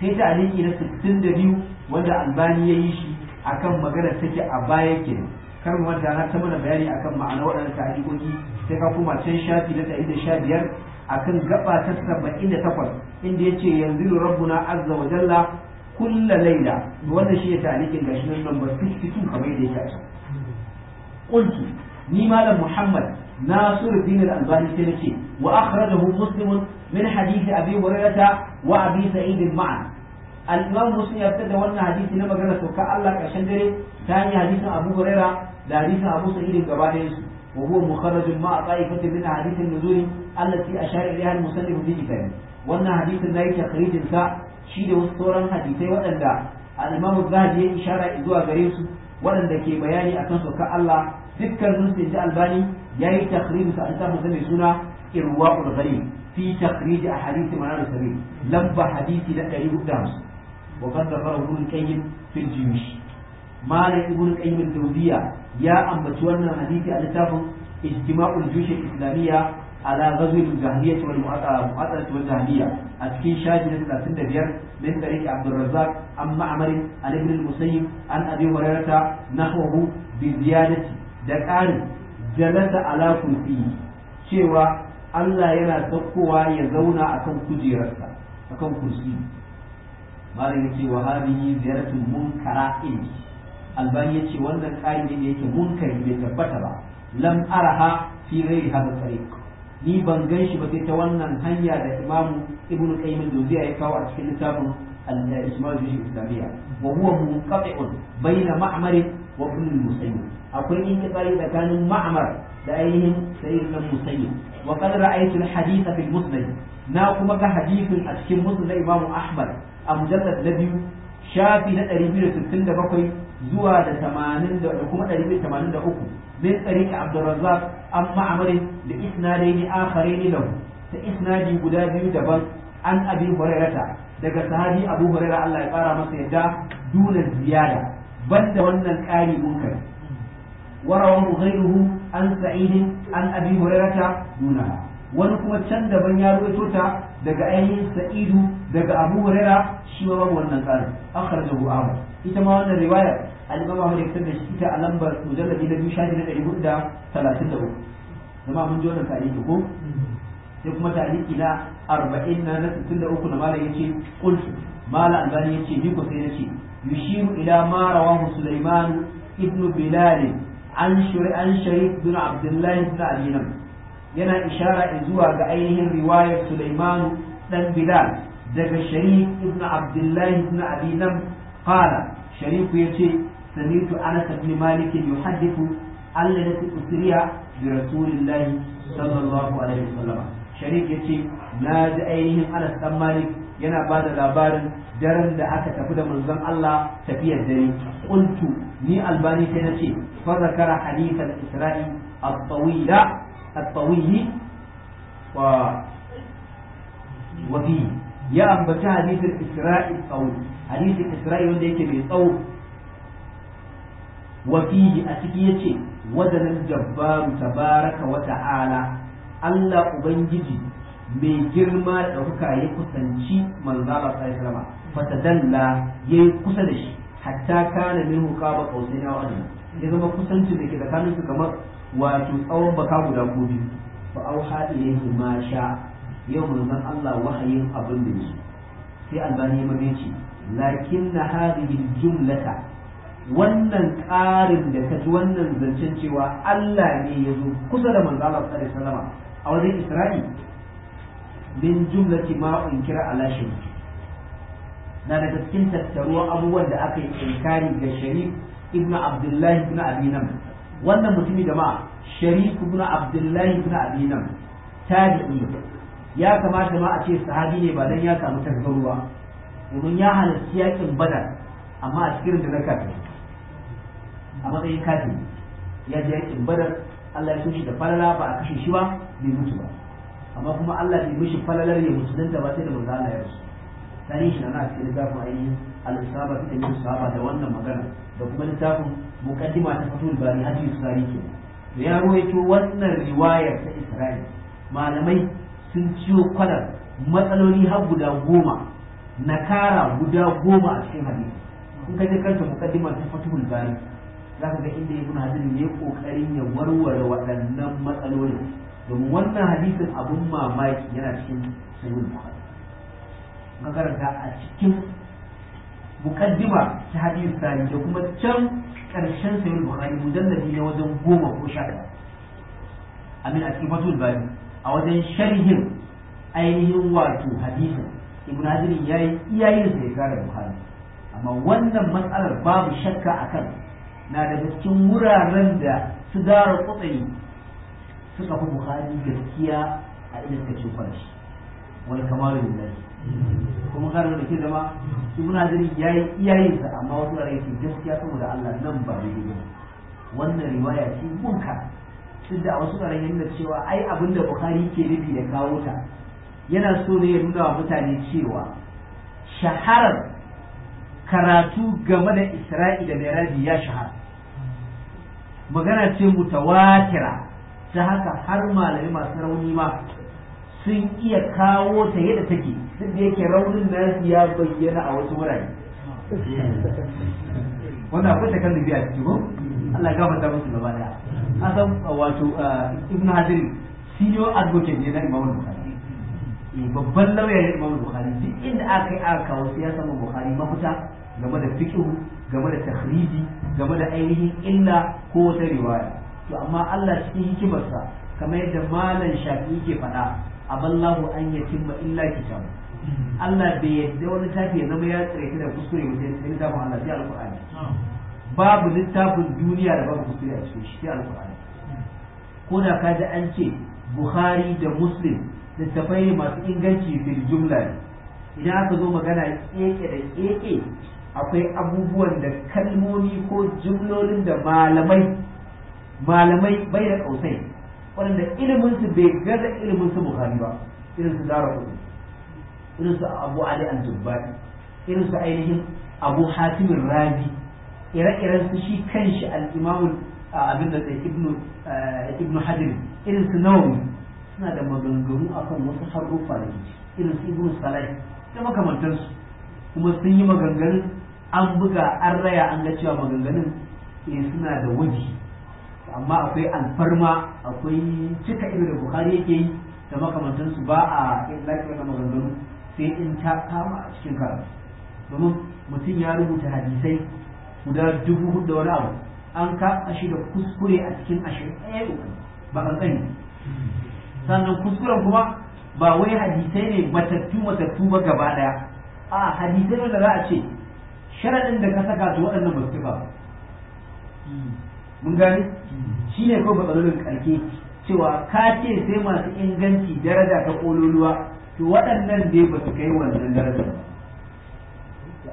sai ta aliki na 62 wanda albani ya yi shi akan magana take a baya ke kar mu na ta mana bayani akan ma'anar waɗannan ta'alikoki sai ka kuma can shafi na biyar akan gaba ta 78 inda yace yanzu rabbuna azza wa jalla kulla laila wannan shi ya ta'alikin gashi nan number 62 kamar yadda yake a can ni malam muhammad ناصر الدين الألباني سنكي وأخرجه مسلم من حديث أبي هريرة وأبي سعيد معا الإمام مسلم يبتدى وأن حديث لما قال توكا الله كشندري ثاني حديث أبو هريرة ده حديث أبو سعيد قبالي وهو مخرج مع طائفة من حديث النزول التي أشار إليها المسلم في كتابه وأن حديث النهي تخريج الساء شيء وسطورا حديثي وأن الإمام الذهبي إشارة إذوها قريب وأن ke bayani akan sauka Allah dukkan sun ji albani yayi takhrij sa an samu mai suna irwaul gharib fi takhrij ahadith manar sabil lamba hadisi da 450 wa qad dhakara ibn qayyim fi al-jimish malam ibn qayyim al ya ambaci wannan hadisi a littafin ijtima'ul jush islamiyya ala ghazwi al-jahiliyyah wal mu'atalah wal jahiliyyah a cikin shafi na 35 من طريق عبد الرزاق عن معمر عن ابن المسيب عن ابي هريره نحوه da دكان jalasa ala kursi cewa Allah yana saukowa ya zauna akan kujerarsa akan kursi malam yace wa hadihi ziyaratu munkara in albani yace wannan ƙari ne yake munkari bai tabbata ba lam araha fi ghairi hadha tariq ni ban gan shi ba sai ta wannan hanya da imamu ibnu qayyim al-jawziya ya kawo a cikin littafin al-ismail al islamiyya wa huwa munqati'un bayna ma'marin wa kullu musayyib akwai intiqali tsakanin ma'mar da ainihin sayyid na musayyib wa qad ra'aytu al-hadith fil musnad na kuma ga hadithin a cikin musnad Imam Ahmad a mujallad na biyu shafi na 267 zuwa da 80 da kuma 183 min tsarika Abdurrazzaq an ma'amar da isnadaini akharini lahu ta isnadi guda biyu daban an abi hurairata daga sahabi abu hurairah Allah ya fara masa yadda duna ziyara. banda wannan ƙari munkari warawan ghairuhu an sa'idin an abi hurairata duna wani kuma can ban ya rawaito ta daga ainihin sa'idu daga abu huraira shi ma babu wannan ƙarin akhrajahu ahmad ita ma wannan riwaya al-imam ahmad ya fitar da shi ta a lambar mujalladi na biyu sha shafi na ɗari hudu da talatin da uku zama mun ji wannan ta'aliki ko sai kuma ta'aliki na arba'in na na sittin da uku na malam ya ce kultu malam albani ya ce ni ko sai na ce يشير إلى ما رواه سليمان ابن بلال عن شريك بن عبد الله بن أبي نمر yana ishara zuwa ga ainihin riwayar Sulaiman dan Bilal daga Sharif ibn Abdullah ibn Abi Nam qala Sharif yace sami'tu Anas ibn Malik yuhaddithu Allah ta usriya bi Rasulillah sallallahu alaihi wasallam Sharif yace na ji ainihin Anas dan Malik yana da labarin daren da aka tafi da manzon Allah tafiyar dare qultu ni albani sai nace fa zakara hadith al-isra'i at-tawila at-tawili wa wa fi ya ambaci hadith al-isra'i at-tawil hadith al-isra'i wanda yake mai tsawo wa fihi a ciki yace wadanan jabbaru tabaraka wa ta'ala Allah ubangiji mai girma da ɗaukaka ya kusanci manzala sallallahu alaihi fatadalla yayi kusa da shi hatta kana minhu qaba qausaina wa adna ya zama kusancin da ke tsakanin su kamar wato tsawon baka guda ko biyu fa auha ilayhi ma sha yau manzon Allah wahayin abin da yake sai albani ya mace lakin na hadhihi jumlata wannan ƙarin da ka ji wannan zancen cewa Allah ne ya zo kusa da manzon Allah sallallahu alaihi wasallam a wajen Isra'i min jumlati ma unkira ala shirki na daga cikin tattaruwar abubuwan da aka yi inkari ga sharif ibn abdullahi ibn abi nam wannan mutumi jama'a sharif ibn abdullahi ibn abi nam tabi'i ya kamata ma a ce sahabi ne ba dan ya samu tasgaru ba domin ya halarci yakin badar amma a cikin da zaka a matsayin kafin ya je yakin badar Allah ya so shi da falala ba a kashe shi ba bai mutu ba amma kuma Allah bai mishi falalar ya mutu dan ta ba sai da manzo Allah ya rasu shi na cikin littafin ainihin al-isaba fi tamyiz sahaba da wannan magana da kuma littafin muqaddima ta da bari hadi sari ke da ya ruwaito wannan riwayar ta isra'il malamai sun ciwo kwalar matsaloli har guda goma na nakara guda goma a cikin hadisi in ka je kanta muqaddima ta da bari za ka ga inda ibn hajar ne kokarin ya warware waɗannan matsalolin domin wannan hadisin abun mamaki yana cikin sahih bukhari ka da a cikin mukaddima ta hadisi sani da kuma can karshen sayin bukari mujallabi na wajen goma ko sha ɗaya amin a cikin fatul a wajen sharhin ainihin wato hadisin ibn hadirin ya yi iyayen sa kare amma wannan matsalar babu shakka a kan na daga cikin wuraren da su dara kutsari suka fi bukari gaskiya a inda suka ce farashi wani kamarin lillahi kuma karo da ke zama ibn hadari yayi sa amma wasu da yake gaskiya saboda Allah nan ba da ba wannan riwaya ce munka tunda a wasu ƙaran yana cewa ai abin da Bukhari ke nufi da kawo ta yana so ne ya nuna wa mutane cewa shaharar karatu game da Isra'i da Mi'raj ya shahara magana ce mutawatira ta haka har malami masu rauni ma sun iya kawo ta yadda take duk da yake raunin nasu ya bayyana a wasu wurare wannan akwai takan dubi a ciki ko Allah ya gafarta musu gaba daya a san uh, wato uh, Ibn Hajar senior advocate ne na Imam Bukhari eh, babban lauya ne Imam Bukhari duk inda aka yi aka kawo sai ya samu Bukhari mafita game da fiqh game da tahriji game da ainihin illa ko wata riwaya to amma Allah cikin hikimarsa kamar yadda malam shafi ke faɗa aballahu an yatimma illa kitabu Allah bai yadda wani tafi ya zama ya tsare da kuskure ba sai littafin Allah sai alqur'ani babu littafin duniya da babu kuskure a cikin shi sai alqur'ani ko da ka ji an ce Bukhari da Muslim littafai masu inganci fil jumla ne idan aka zo magana keke da keke akwai abubuwan da kalmomi ko jumlolin da malamai malamai bai da kausai wanda ilimin su bai gaza ilimin su bukhari ba irin su dara kudu irin su abu ali an dubbai irin su ainihin abu hatimin rabi ire-iren su shi kanshi al-imamu abin da sai ibnu ibnu hadir irin su nawawi suna da maganganu akan wasu harufa da ke irin su ibnu salai da makamantansu kuma sun yi maganganun an buga an raya an ga cewa maganganun eh, suna da waji amma akwai alfarma akwai cika irin da buhari yake yi da makamantansu ba a ilaƙi da maganganu sai in ta kama a cikin karatu domin mutum ya rubuta hadisai guda dubu hudu da wani abu an ka shi da kuskure a cikin ashirin ɗaya eh, ba kankani sannan kuskuren kuma ba wai hadisai ne matattu matattu ba gaba ɗaya a hadisai da za a ce sharaɗin da ka saka su waɗannan ba su ba hmm. mun gane Shi ne kawai matsalolin karke cewa ka ce sai masu inganci daraja ta kololuwa to waɗannan dai ba su kai wannan darajar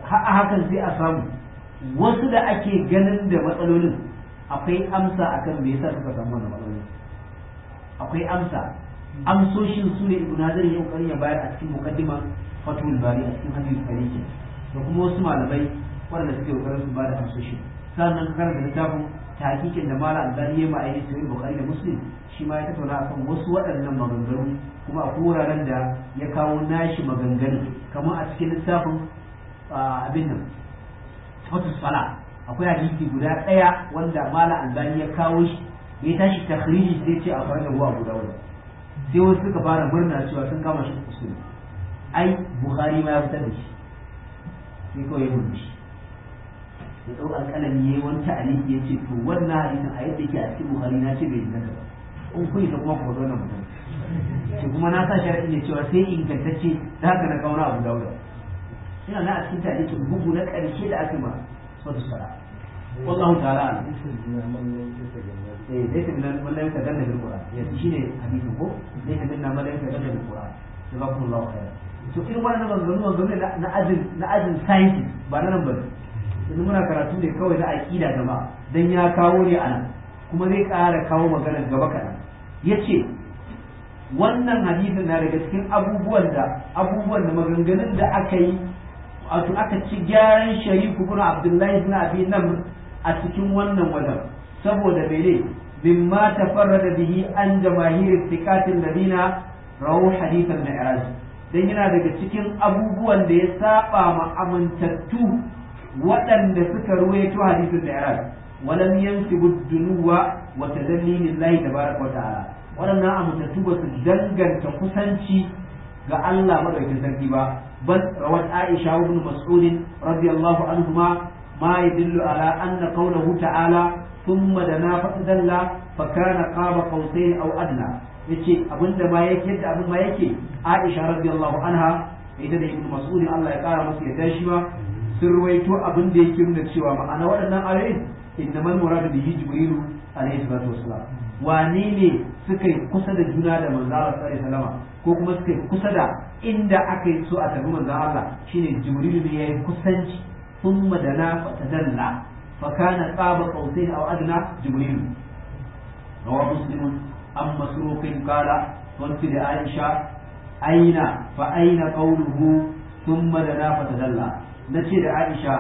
ba a hakan sai a samu wasu da ake ganin da matsalolin akwai amsa akan me yasa suka samu wannan matsalolin akwai amsa amsoshin su ne ibn hazar yau kokari ya bayar a cikin muqaddima fatul bari a cikin hadith fariki da kuma wasu malamai waɗanda suke kokarin su bada amsoshi sannan da littafin tahqiqin da mala albani ya ma yi sai bukari da muslim shi ma ya tattauna akan wasu waɗannan maganganu kuma a wuraren da ya kawo nashi maganganu kamar a cikin lissafin abin nan fatus sala akwai hadisi guda ɗaya wanda mala albani ya kawo shi ya tashi ta takhriji zai ce a farkon ruwa guda wani sai wasu suka fara murna cewa sun kama shi kusuri ai bukari ma ya fitar da shi sai kawai ya murna shi ya dau alƙalami yayi wani ya ce to wannan hadisin a yadda yake a cikin Buhari na ce bai inganta ba in kun ta kuma ku zo nan ce kuma na sa sharadi ne cewa sai ingantacce da haka na kauna Abu Dawud ina na a cikin ta'alikin bugu na ƙarshe da aka ma da sara wallahu ta'ala eh zai ta bilan wallahi ta danna bil qur'an yanzu ne hadisin ko zai ta bilan wallahi ta danna bil qur'an jazakumullahu khairan to irin wannan manzanni manzanni na ajin na ajin science ba na nan ba yanzu muna karatu ne kawai a kida gaba dan ya kawo ne anan kuma zai ƙara kawo maganar gaba kaɗan ya ce wannan hadisin na daga cikin abubuwan da abubuwan da maganganun da aka yi wato aka ci gyaran shariku kuna abdullahi ibn abi nam a cikin wannan wajen saboda mene mimma tafarrada bihi an jamahir sikatin ladina rawu hadithan mi'raj dan yana daga cikin abubuwan da ya saba ma amintattu waɗanda suka ruwaito hadisin da yaran walam yansibu dunuwa wa tadalli lillahi tabaraka wa ta'ala waɗannan amintattu ba su danganta kusanci ga Allah madaukakin sarki ba bal rawat Aisha ibn Mas'ud radiyallahu anhuma ما يدل على taala قوله تعالى ثم دنا فأذل فكان قاب قوسين أو أدنى yace abin da ma yake yadda abin ma yake Aisha radiyallahu anha ita da Ibn Mas'ud Allah ya kara masa yadda shi ba sun ruwaito abin da yake nuna cewa ma'ana waɗannan ayoyin man muradu bihi jibrilu alayhi salatu wassalam wane ne suka yi kusa da juna da manzo Allah sallallahu alaihi ko kuma suka yi kusa da inda aka yi so a tabi manzo Allah shine jibrilu ne yayi kusanci thumma dana fa tadalla fa kana qaba qawsayn aw adna jibrilu rawahu muslim am masruq qala wanti da aisha aina fa aina qawluhu thumma dana fa tadalla na ce da Aisha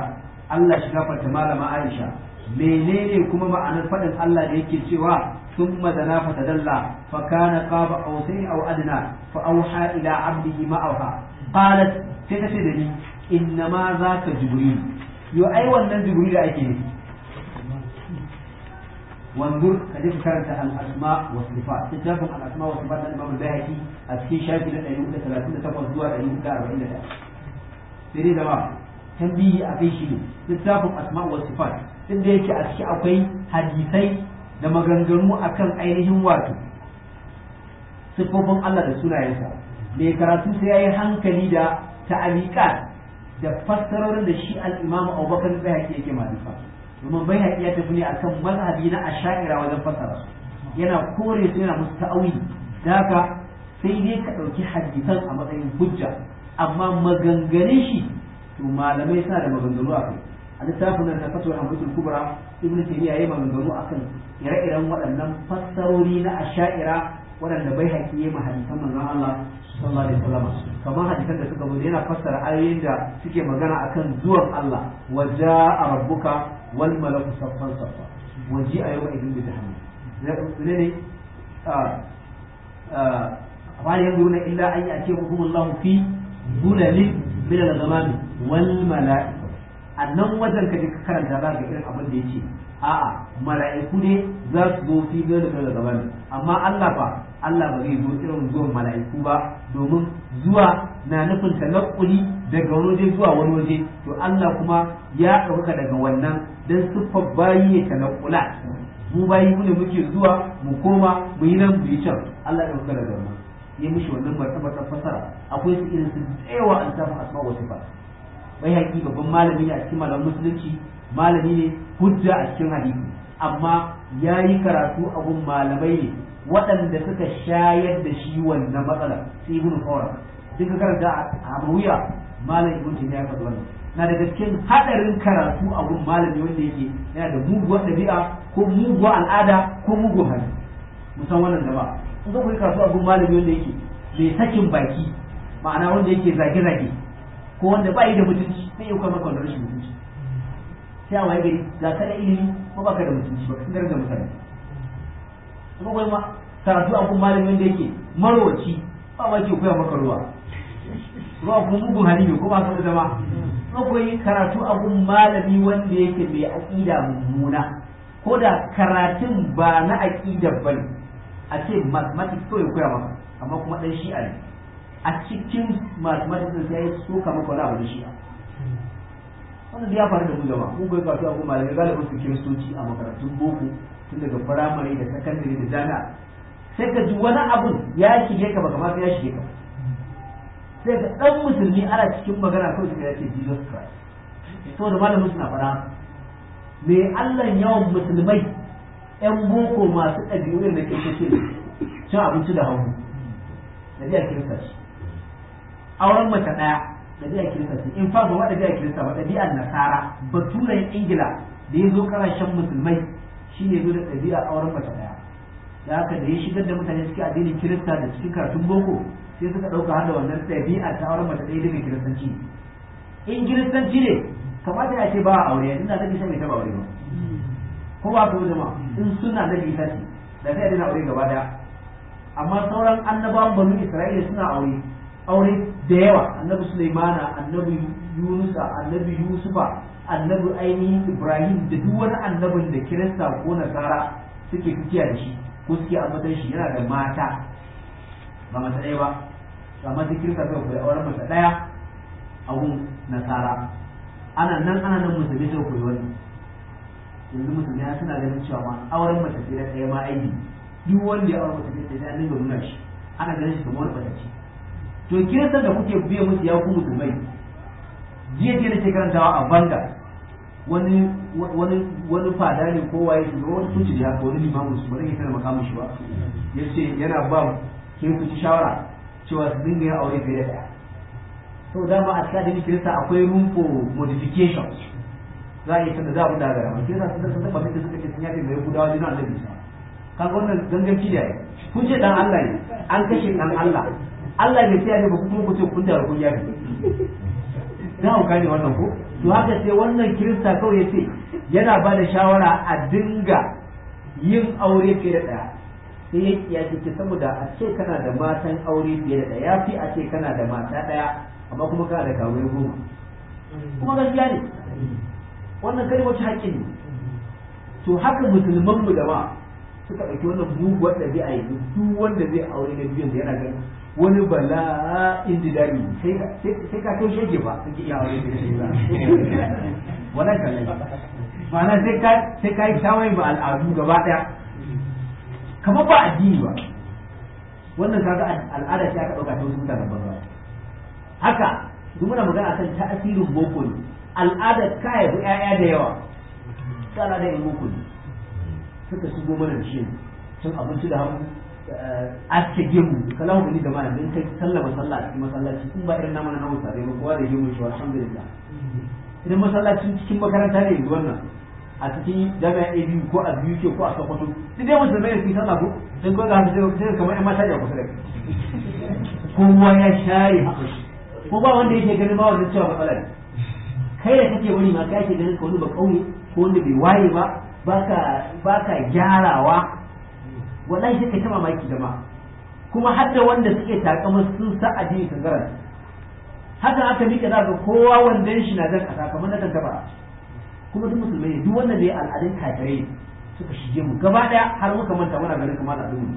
Allah shi gafarta malama Aisha menene kuma ma'anar faɗin Allah da yake cewa ثم دنا فتدلى فكان قاب قوسين او ادنى فاوحى الى عبده ما اوحى قالت تتسدني انما ذاك جبريل يو اي wannan jibril da ake nufi wanzur ka je ka karanta al-asma wa sifat littafin al-asma wa sifat na Imam al-Bayhaqi a cikin shafi na 138 zuwa 141 sai dai da ba tambihi a kai shi ne littafin Asma'u wa sifat inda yake a ciki akwai hadisai da maganganu akan ainihin wato siffofin Allah da sunayensa mai karatu sai yi hankali da ta'aliqat da fassarorin da shi al-Imam Abubakar Bayhaqi yake malifa domin Bayhaqi ya tafi ne akan mazhabi na Ash'ari wajen fassara su yana kore su yana musu ta'awili da haka sai dai ka ɗauki hadisan a matsayin hujja amma maganganun shi to malamai sa da maganganu a kai a littafin nan na fatuwar hamdul kubra ibnu taymiya yayi maganganu akan ire-iren waɗannan fassarori na asha'ira waɗanda bai haƙi yayi mahadisan manzon Allah sallallahu alaihi wasallam kamar hadisan da suka zo yana fassara ayoyin da suke magana akan zuwan Allah wa jaa rabbuka wal malaku saffan saffa wa ji'a yawma idin bi jahannam ne ne a wani yanzu na illa an yi a ce hukumullahu fi zulalin min al-ghamam wal a nan wajen ka ka karanta za ka irin abin da ce a'a mala'iku ne za su zo fi da da gaban amma Allah fa Allah ba zai zo irin zuwan mala'iku ba domin zuwa na nufin tanakkuli daga wani waje zuwa wani waje to Allah kuma ya ɗauka daga wannan dan siffar bayi ya tanakkula mu bayi mu ne muke zuwa mu koma mu yi nan mu yi can Allah ya ɗauka daga wannan ya mishi wannan martabatar fasara akwai su irin su tsayawa an tafi asma wa ba. bai haƙi babban malami ne a cikin malamin musulunci malami ne hujja a cikin hadisi amma ya yi karatu abun malamai ne waɗanda suka shayar da shi wannan matsala sai ibnu kawar duka karanta a ruya malam ibnu ya ka wannan na daga cikin haɗarin karatu abun malami wanda yake yana da muguwar ɗabi'a ko muguwar al'ada ko muguwar hali musamman wannan ba. zan zo ku yi gun malami wanda yake mai sakin baki ma'ana wanda yake zage-zage ko wanda ba yi da mutunci sai ya kwanar kwanar rashin mutunci sai a waye gari ga kada ilimi ko ba ka da mutunci ba ka da mutane kuma kuma ma karatu a malami wanda yake marwaci ba ma ke koya maka ruwa ruwa kuma mugun hali ko ba su da zama akwai karatu a malami wanda yake mai aƙida mummuna ko da karatun ba na aƙidar bane a ce mathematics kawai koya maka amma kuma dan shi'a ne a cikin mathematics da sai so ka maka wani abu da shi'a wannan ya faru da mu jama'a mu goyi kasuwa ko da galibin su kiristoci a makarantun boko tun daga firamare da sakandare da jana sai ka ji wani abun ya shige ka ba kamar ya shige ka sai ka dan musulmi ana cikin magana kawai sai ya ce Jesus Christ saboda malamin suna fara me Allah yawan musulmai 'yan boko masu ɗabi'un da ke cikin cin abinci da hannu da biya kirista shi auren mace ɗaya da biya kirista shi in fa ba da biya kirista ba ɗabi'ar nasara baturen ingila da ya zo karashen musulmai shi ne zo da ɗabi'ar auren mace ɗaya da haka da ya shigar da mutane cikin addinin kirista da cikin karatun boko sai suka ɗauka har da wannan ɗabi'ar ta auren mace ɗaya da mai kiristanci in kiristanci ne kamata ya ce ba a aure yanzu na zai shan mai taɓa aure ba ko ba su jama'a in suna da lissafi da sai na aure gaba daya amma sauran annabawan banu isra'ila suna aure aure da yawa annabi sulaimana annabi yunusa annabi yusufa annabi Ainihi, ibrahim da duk wani annabin da kirista ko nasara suke fitiya da shi ko suke ambatan shi yana da mata ba mata ɗaya ba amma duk kirista ko koyi auren mata ɗaya a gun nasara ana nan ana nan musulmi suka koyi wani yanzu musulmi ya suna ganin cewa ma auren mace sai da ɗaya ma aiki duk wanda ya aure mace sai da annabi nuna shi ana ganin shi kamar wata ce to kiristan da kuke biye musu ya ku musulmai jiya jiya ke karantawa a banda wani wani wani fada ne ko waye shi wani kunci da kawo wani limamin musu ba zai tana makamin shi ba yace yana ba ke ku shawara cewa su dinga yin aure fiye da ɗaya to dama a cikin kirista akwai room for modifications za a yi sanda za a buɗa gara sun yafe mai gudawa wannan kun ce dan Allah ne an kashe dan Allah Allah bai sai ya ba kuma ku ce da ne haka sai wannan kirista kawai ya ce yana ba da shawara a dinga yin aure fiye da saboda a ce kana da matan aure fiye da ɗaya ya a ce da mata ɗaya amma kuma da goma gaskiya ne wannan wacce haƙƙin ne to haka musulman mu jama'a suka ɗauki wannan muguwar ɗabi'a yanzu duk wanda zai aure da biyan da yana gani wani bala'in dami sai ka kai shege ba kake iya aure da shi ba wannan kallai ma'ana sai ka sai ka yi tawaye ba al'adu gaba ɗaya kamar ba addini ba wannan kaga al'ada ce aka ɗauka ta wasu mutanen banza haka duk muna magana akan ta'asirin boko ne al'adar ka haifi ƴaƴa da yawa tsara da yin muku suka su goma da shi cin abinci da hannu eh, aske gemu kalahu gani da mana in kai sallama sallah a cikin masallaci in ba irin namana na wuta da ba kowa da gemu shi da alhamdulillah idan masallaci cikin makaranta ne yanzu wannan a cikin jami'a a biyu ko a biyu ko a sakwato duk dai wasu ne su yi sallah ko don ko ga hannu sai kamar yan mata ya kusa da kowa ya share haɓashi ko ba wanda yake ganin ba wanda cewa matsala ne kai da kake wani ma kake ganin ka wani ba kauye ko wanda bai waye ba baka baka gyarawa wallahi sai kai ta da ma kuma har da wanda suke takamar sun sa addini tangaran haka aka miƙa za ga kowa wanda shi na zan kasa kamar na tantaba kuma duk musulmai ne duk wanda bai al'adun kafirai suka shige mu gaba daya har muka manta muna ganin kamar da mu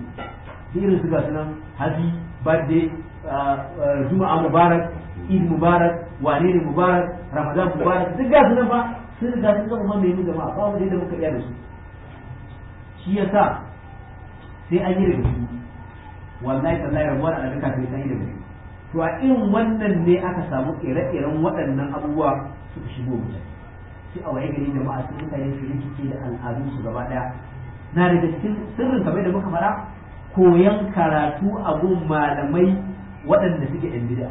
irin su ga sunan hazi birthday ah, ah, juma'a mubarak eid mubarak wane ne mubarak ramadan mubarak duk ga su nan ba sun riga sun zama mamaye mu jama'a ba wanda da muka iya da su shi ya sa, sai an yi da su wallahi tallahi rabuwar a duka sai an yi da su to a in wannan ne aka samu ire-iren waɗannan abubuwa suka shigo mu sai a waye gari jama'a sun mutane su rikice da al'adun su gaba daya na daga cikin sirrin kamar da muka fara koyan karatu a gun malamai waɗanda suke ɗan bid'a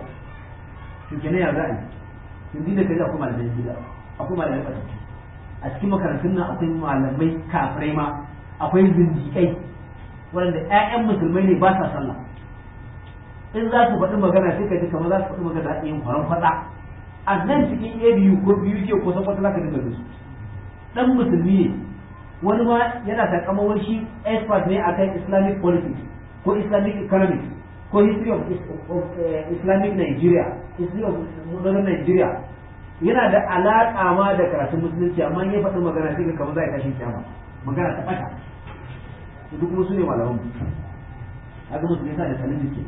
to kenan ya a yi yanzu da kaji akwai malamai gida akwai malamai cikin a cikin makarantun nan akwai malamai kafirai ma akwai zindiƙai waɗanda 'ya'yan musulmai ne ba sa sallah in za su faɗi magana sai ka ji kamar za su faɗi magana za yin kwaron faɗa a nan cikin abu ko biyu ke ko sakwata za ka dinga su dan musulmi ne wani ma yana takamawar shi expert ne a kan islamic politics ko islamic economics ko history of, of uh, islamic nigeria history of modern nigeria yana da alaƙa ma da karatun musulunci amma ya faɗi magana sai ka kamar za a yi tashi kyama magana ta ɓata duk kuma su ne a ga musulmi sa da talibin ke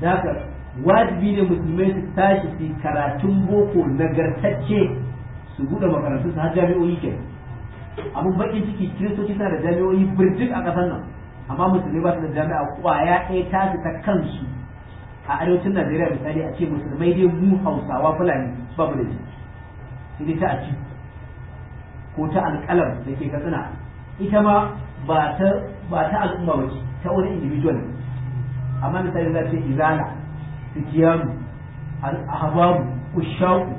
da haka wajibi ne musulmai su tashi su karatun boko nagartacce su buɗe makarantu su har jami'o'i ke abin baƙin ciki kiristoci suna da jami'o'i birjik a ƙasar nan amma musulmi ba su da jami'a kwaya ɗaya ta fi ta kansu a arewacin najeriya misali a ce musulmai dai mu hausawa fulani ba mu da shi sai dai ta ci ko ta alƙalam da ke katsina ita ma ba ta al'umma ba ce ta wani individual amma misali za ce izala sikiyanu al'ahabamu ushaku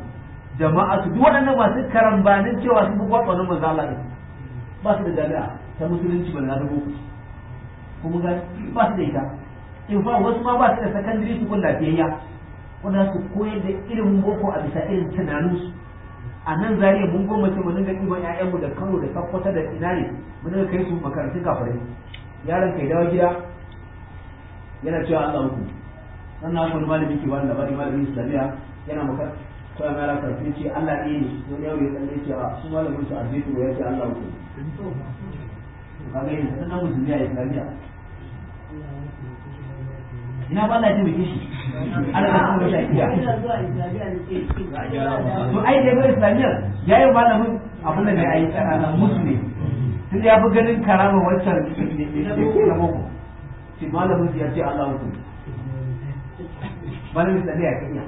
jama'a su duk waɗannan masu karambanin cewa sun bukwa tsanin manzala ne ba su da jami'a ta musulunci ba na da boko kuma gani ba su da ita in fa wasu ma ba su da secondary school lafiyayya wanda su koyar da irin boko a bisa irin tunaninsu a nan zariya mun gwamnati mun dinga ɗiban ƴaƴanmu da kano da sakkwata da ina mun mu kai su makarantun kafare. yaron kai dawo gida yana cewa Allah uku nan na wani malami ke wani labari malamin islamiya yana maka koyan yara karfi ce Allah ɗaya ne wani yau ya ce cewa su malamin su arzitu ya ce Allah uku kaga yin sanan musulmi a islamiya ina ba Allah ya taimake shi Allah ya kuma shakiya to ai da ga islamiyya yayi malamin abin da mai ayi musulmi tun ya fi ganin karama wancan da boko shi malamin ya ce Allah hukum malamin islamiyya ya kanya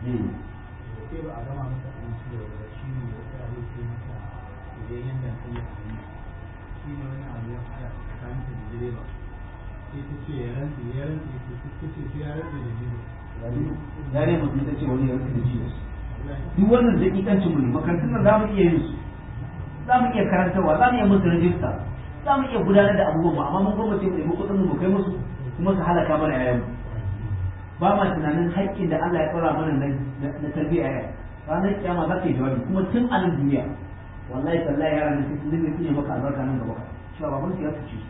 Yeah. Hmm. direba sai ta ce ya rantsi ya rantsi ta ce sai ya rantsi da jiwa yare mutum ta ce wani ya rantsi da jiwa duk wannan zai ikancin mu makarantun nan za mu iya yin su za mu iya karantarwa za mu iya musu rajista za mu iya gudanar da abubuwa, mu amma mun gwamnati mu ɗebi kuɗin mu kai musu kuma su halaka mana yayan ba ma tunanin haƙƙin da Allah ya ɗora mana na tarbiyya yayan ranar kyama za ta yi jawabi kuma tun anan duniya wallahi tallahi yaran da suke zai ne maka albarka nan gaba cewa su su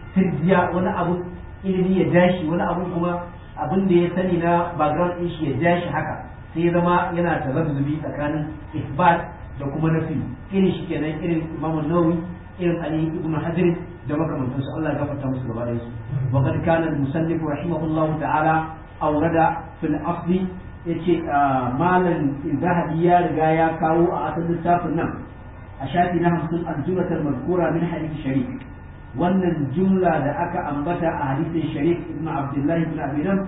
firgiya wani abu ilimi ya jashi wani abu kuma abin da ya sani na background din shi ya jashi haka sai zama yana tazazzubi tsakanin isbat da kuma nafi irin shi kenan irin Imam Nawawi irin Ali ibn Hajar da makamantansu Allah ya gafarta musu gaba da su wa kad kana musannif rahimahullahu ta'ala awrada fil asli yace ah, malam zahabi ya riga ya kawo a asalin littafin nan a shafi na hamsin al-jumlatul mazkura min hadith wannan jumla da aka ambata a hadisin sharif ibn abdullahi ibn abidan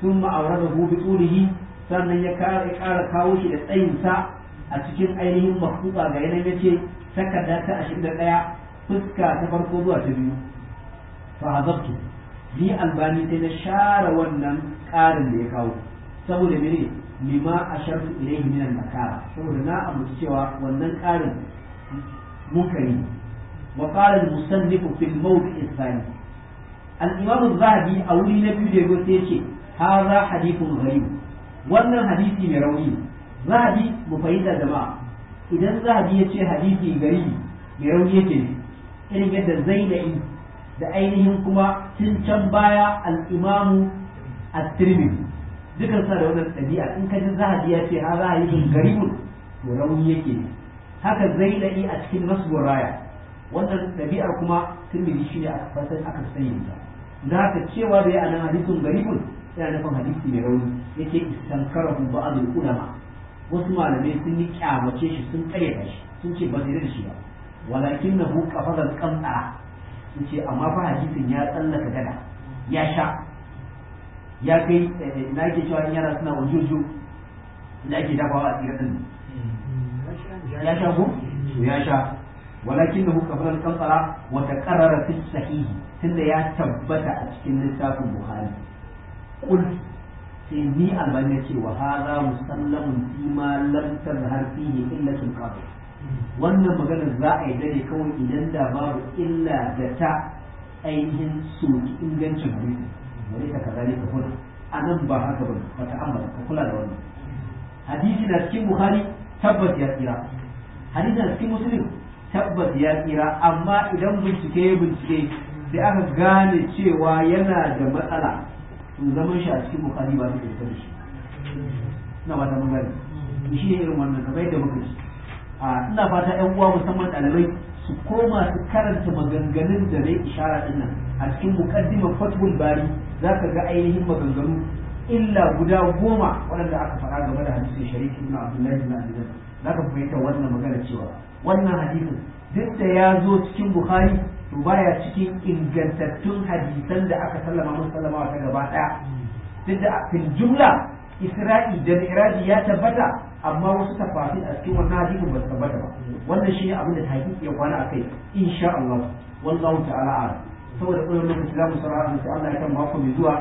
sun ma'aurata bi qulihi sannan ya ƙara kawo shi da tsayin sa a cikin ainihin mafuka ga yanayin ya ce takarda ta ashirin ɗaya fuska ta farko zuwa ta biyu fa hadabtu ni albani sai na share wannan ƙarin da ya kawo saboda mene lima ashartu ilayhi min al-makara saboda na amince cewa wannan ƙarin munkari ne وقال المصنف في الموضع الثاني الإمام الذهبي أولي نبي يقول سيشي هذا حديث غريب وأن حديثي مروي ذهبي مفيدة جماعة إذا الذهبي يشي حديثي غريب مروي يشي إن يد زينئي da ainihin kuma tun can baya al'imamu a tirmidhi dukan sa da wannan ɗabi'a in ka ji zahabi ya ce ha za a yi garibun to rauni yake haka zai a cikin nasu raya wannan dabi'ar kuma tirmidhi shine a fasar aka sani ta da haka cewa da ya anan hadisun garibun yana nufin hadisi mai rauni yake istankarahu ba'dul ulama wasu malamai sun yi kyamace shi sun kareta shi sun ce ba zai da shi ba walakin na buka fadar kantsara sun ce amma fa hadisin ya tsallaka gada ya sha ya kai eh, na ke cewa in yara suna wajojo da ake dafawa a tsirar din hmm. ya sha ko ya sha ولكنه قبل القنطرة وتكرر في الصحيح تلا يا تبت أتكن لتاف البخاري قلت سيني ألبانيتي وهذا مسلم فيما لم تظهر فيه إلا القاضي wannan maganar za a yi dare kawai idan da babu illa da ta ainihin soki ingancin hadisi wani ta ka kula a nan ba haka ba ba ta ambata ka kula da na cikin tabbas ya tsira na cikin tabbas ya tsira amma idan bincike ya bincike sai aka gane cewa yana da matsala to zaman shi a cikin bukari ba su da shi ina ba ta magana shi ne irin wannan kamar yadda muka ci ina fata yan uwa musamman ɗalibai su koma su karanta maganganun da zai ishara din nan a cikin mukaddimar fatul bari za ka ga ainihin maganganu illa guda goma waɗanda aka faɗa game da hadisi Shari'a, na abdullahi na abdullahi za ka fahimta wannan magana cewa wannan hadisin duk da ya zo cikin bukhari to baya cikin ingantattun hadisan da aka sallama mun sallama ta gaba daya duk da fil jumla isra'i da mi'raji ya tabbata amma wasu tafasil a cikin wannan hadisin ba su tabbata ba wannan shine abin da hakiki ya kwana akai insha Allah wallahu ta'ala a'lam saboda koyon lokaci za mu saurara mu ya kan mako mai zuwa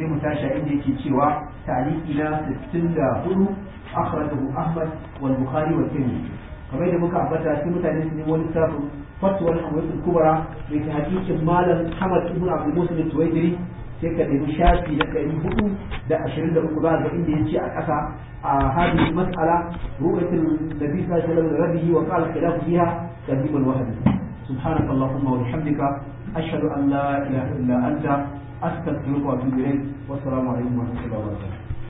sai mu tashi inda yake cewa ta'liqi na 64 akhrajahu Ahmad wani buhari wa Tirmidhi kamar da muka ambata sai mutane su nemo wani safin fatuwar hamadu kubara mai ta hakikin malam hamad ibn abu musulun tuwaidiri sai ka nemi shafi na ɗari hudu da ashirin da uku za inda ya ce a ƙasa a hadin mas'ala ru'atul nabi sallallahu alaihi wasallam da rabihi wa qala khilafu fiha kadhibul wahdi سبحانك اللهم وبحمدك أشهد أن لا إله إلا أنت أستغفرك وأتوب إليك والسلام عليكم ورحمة الله وبركاته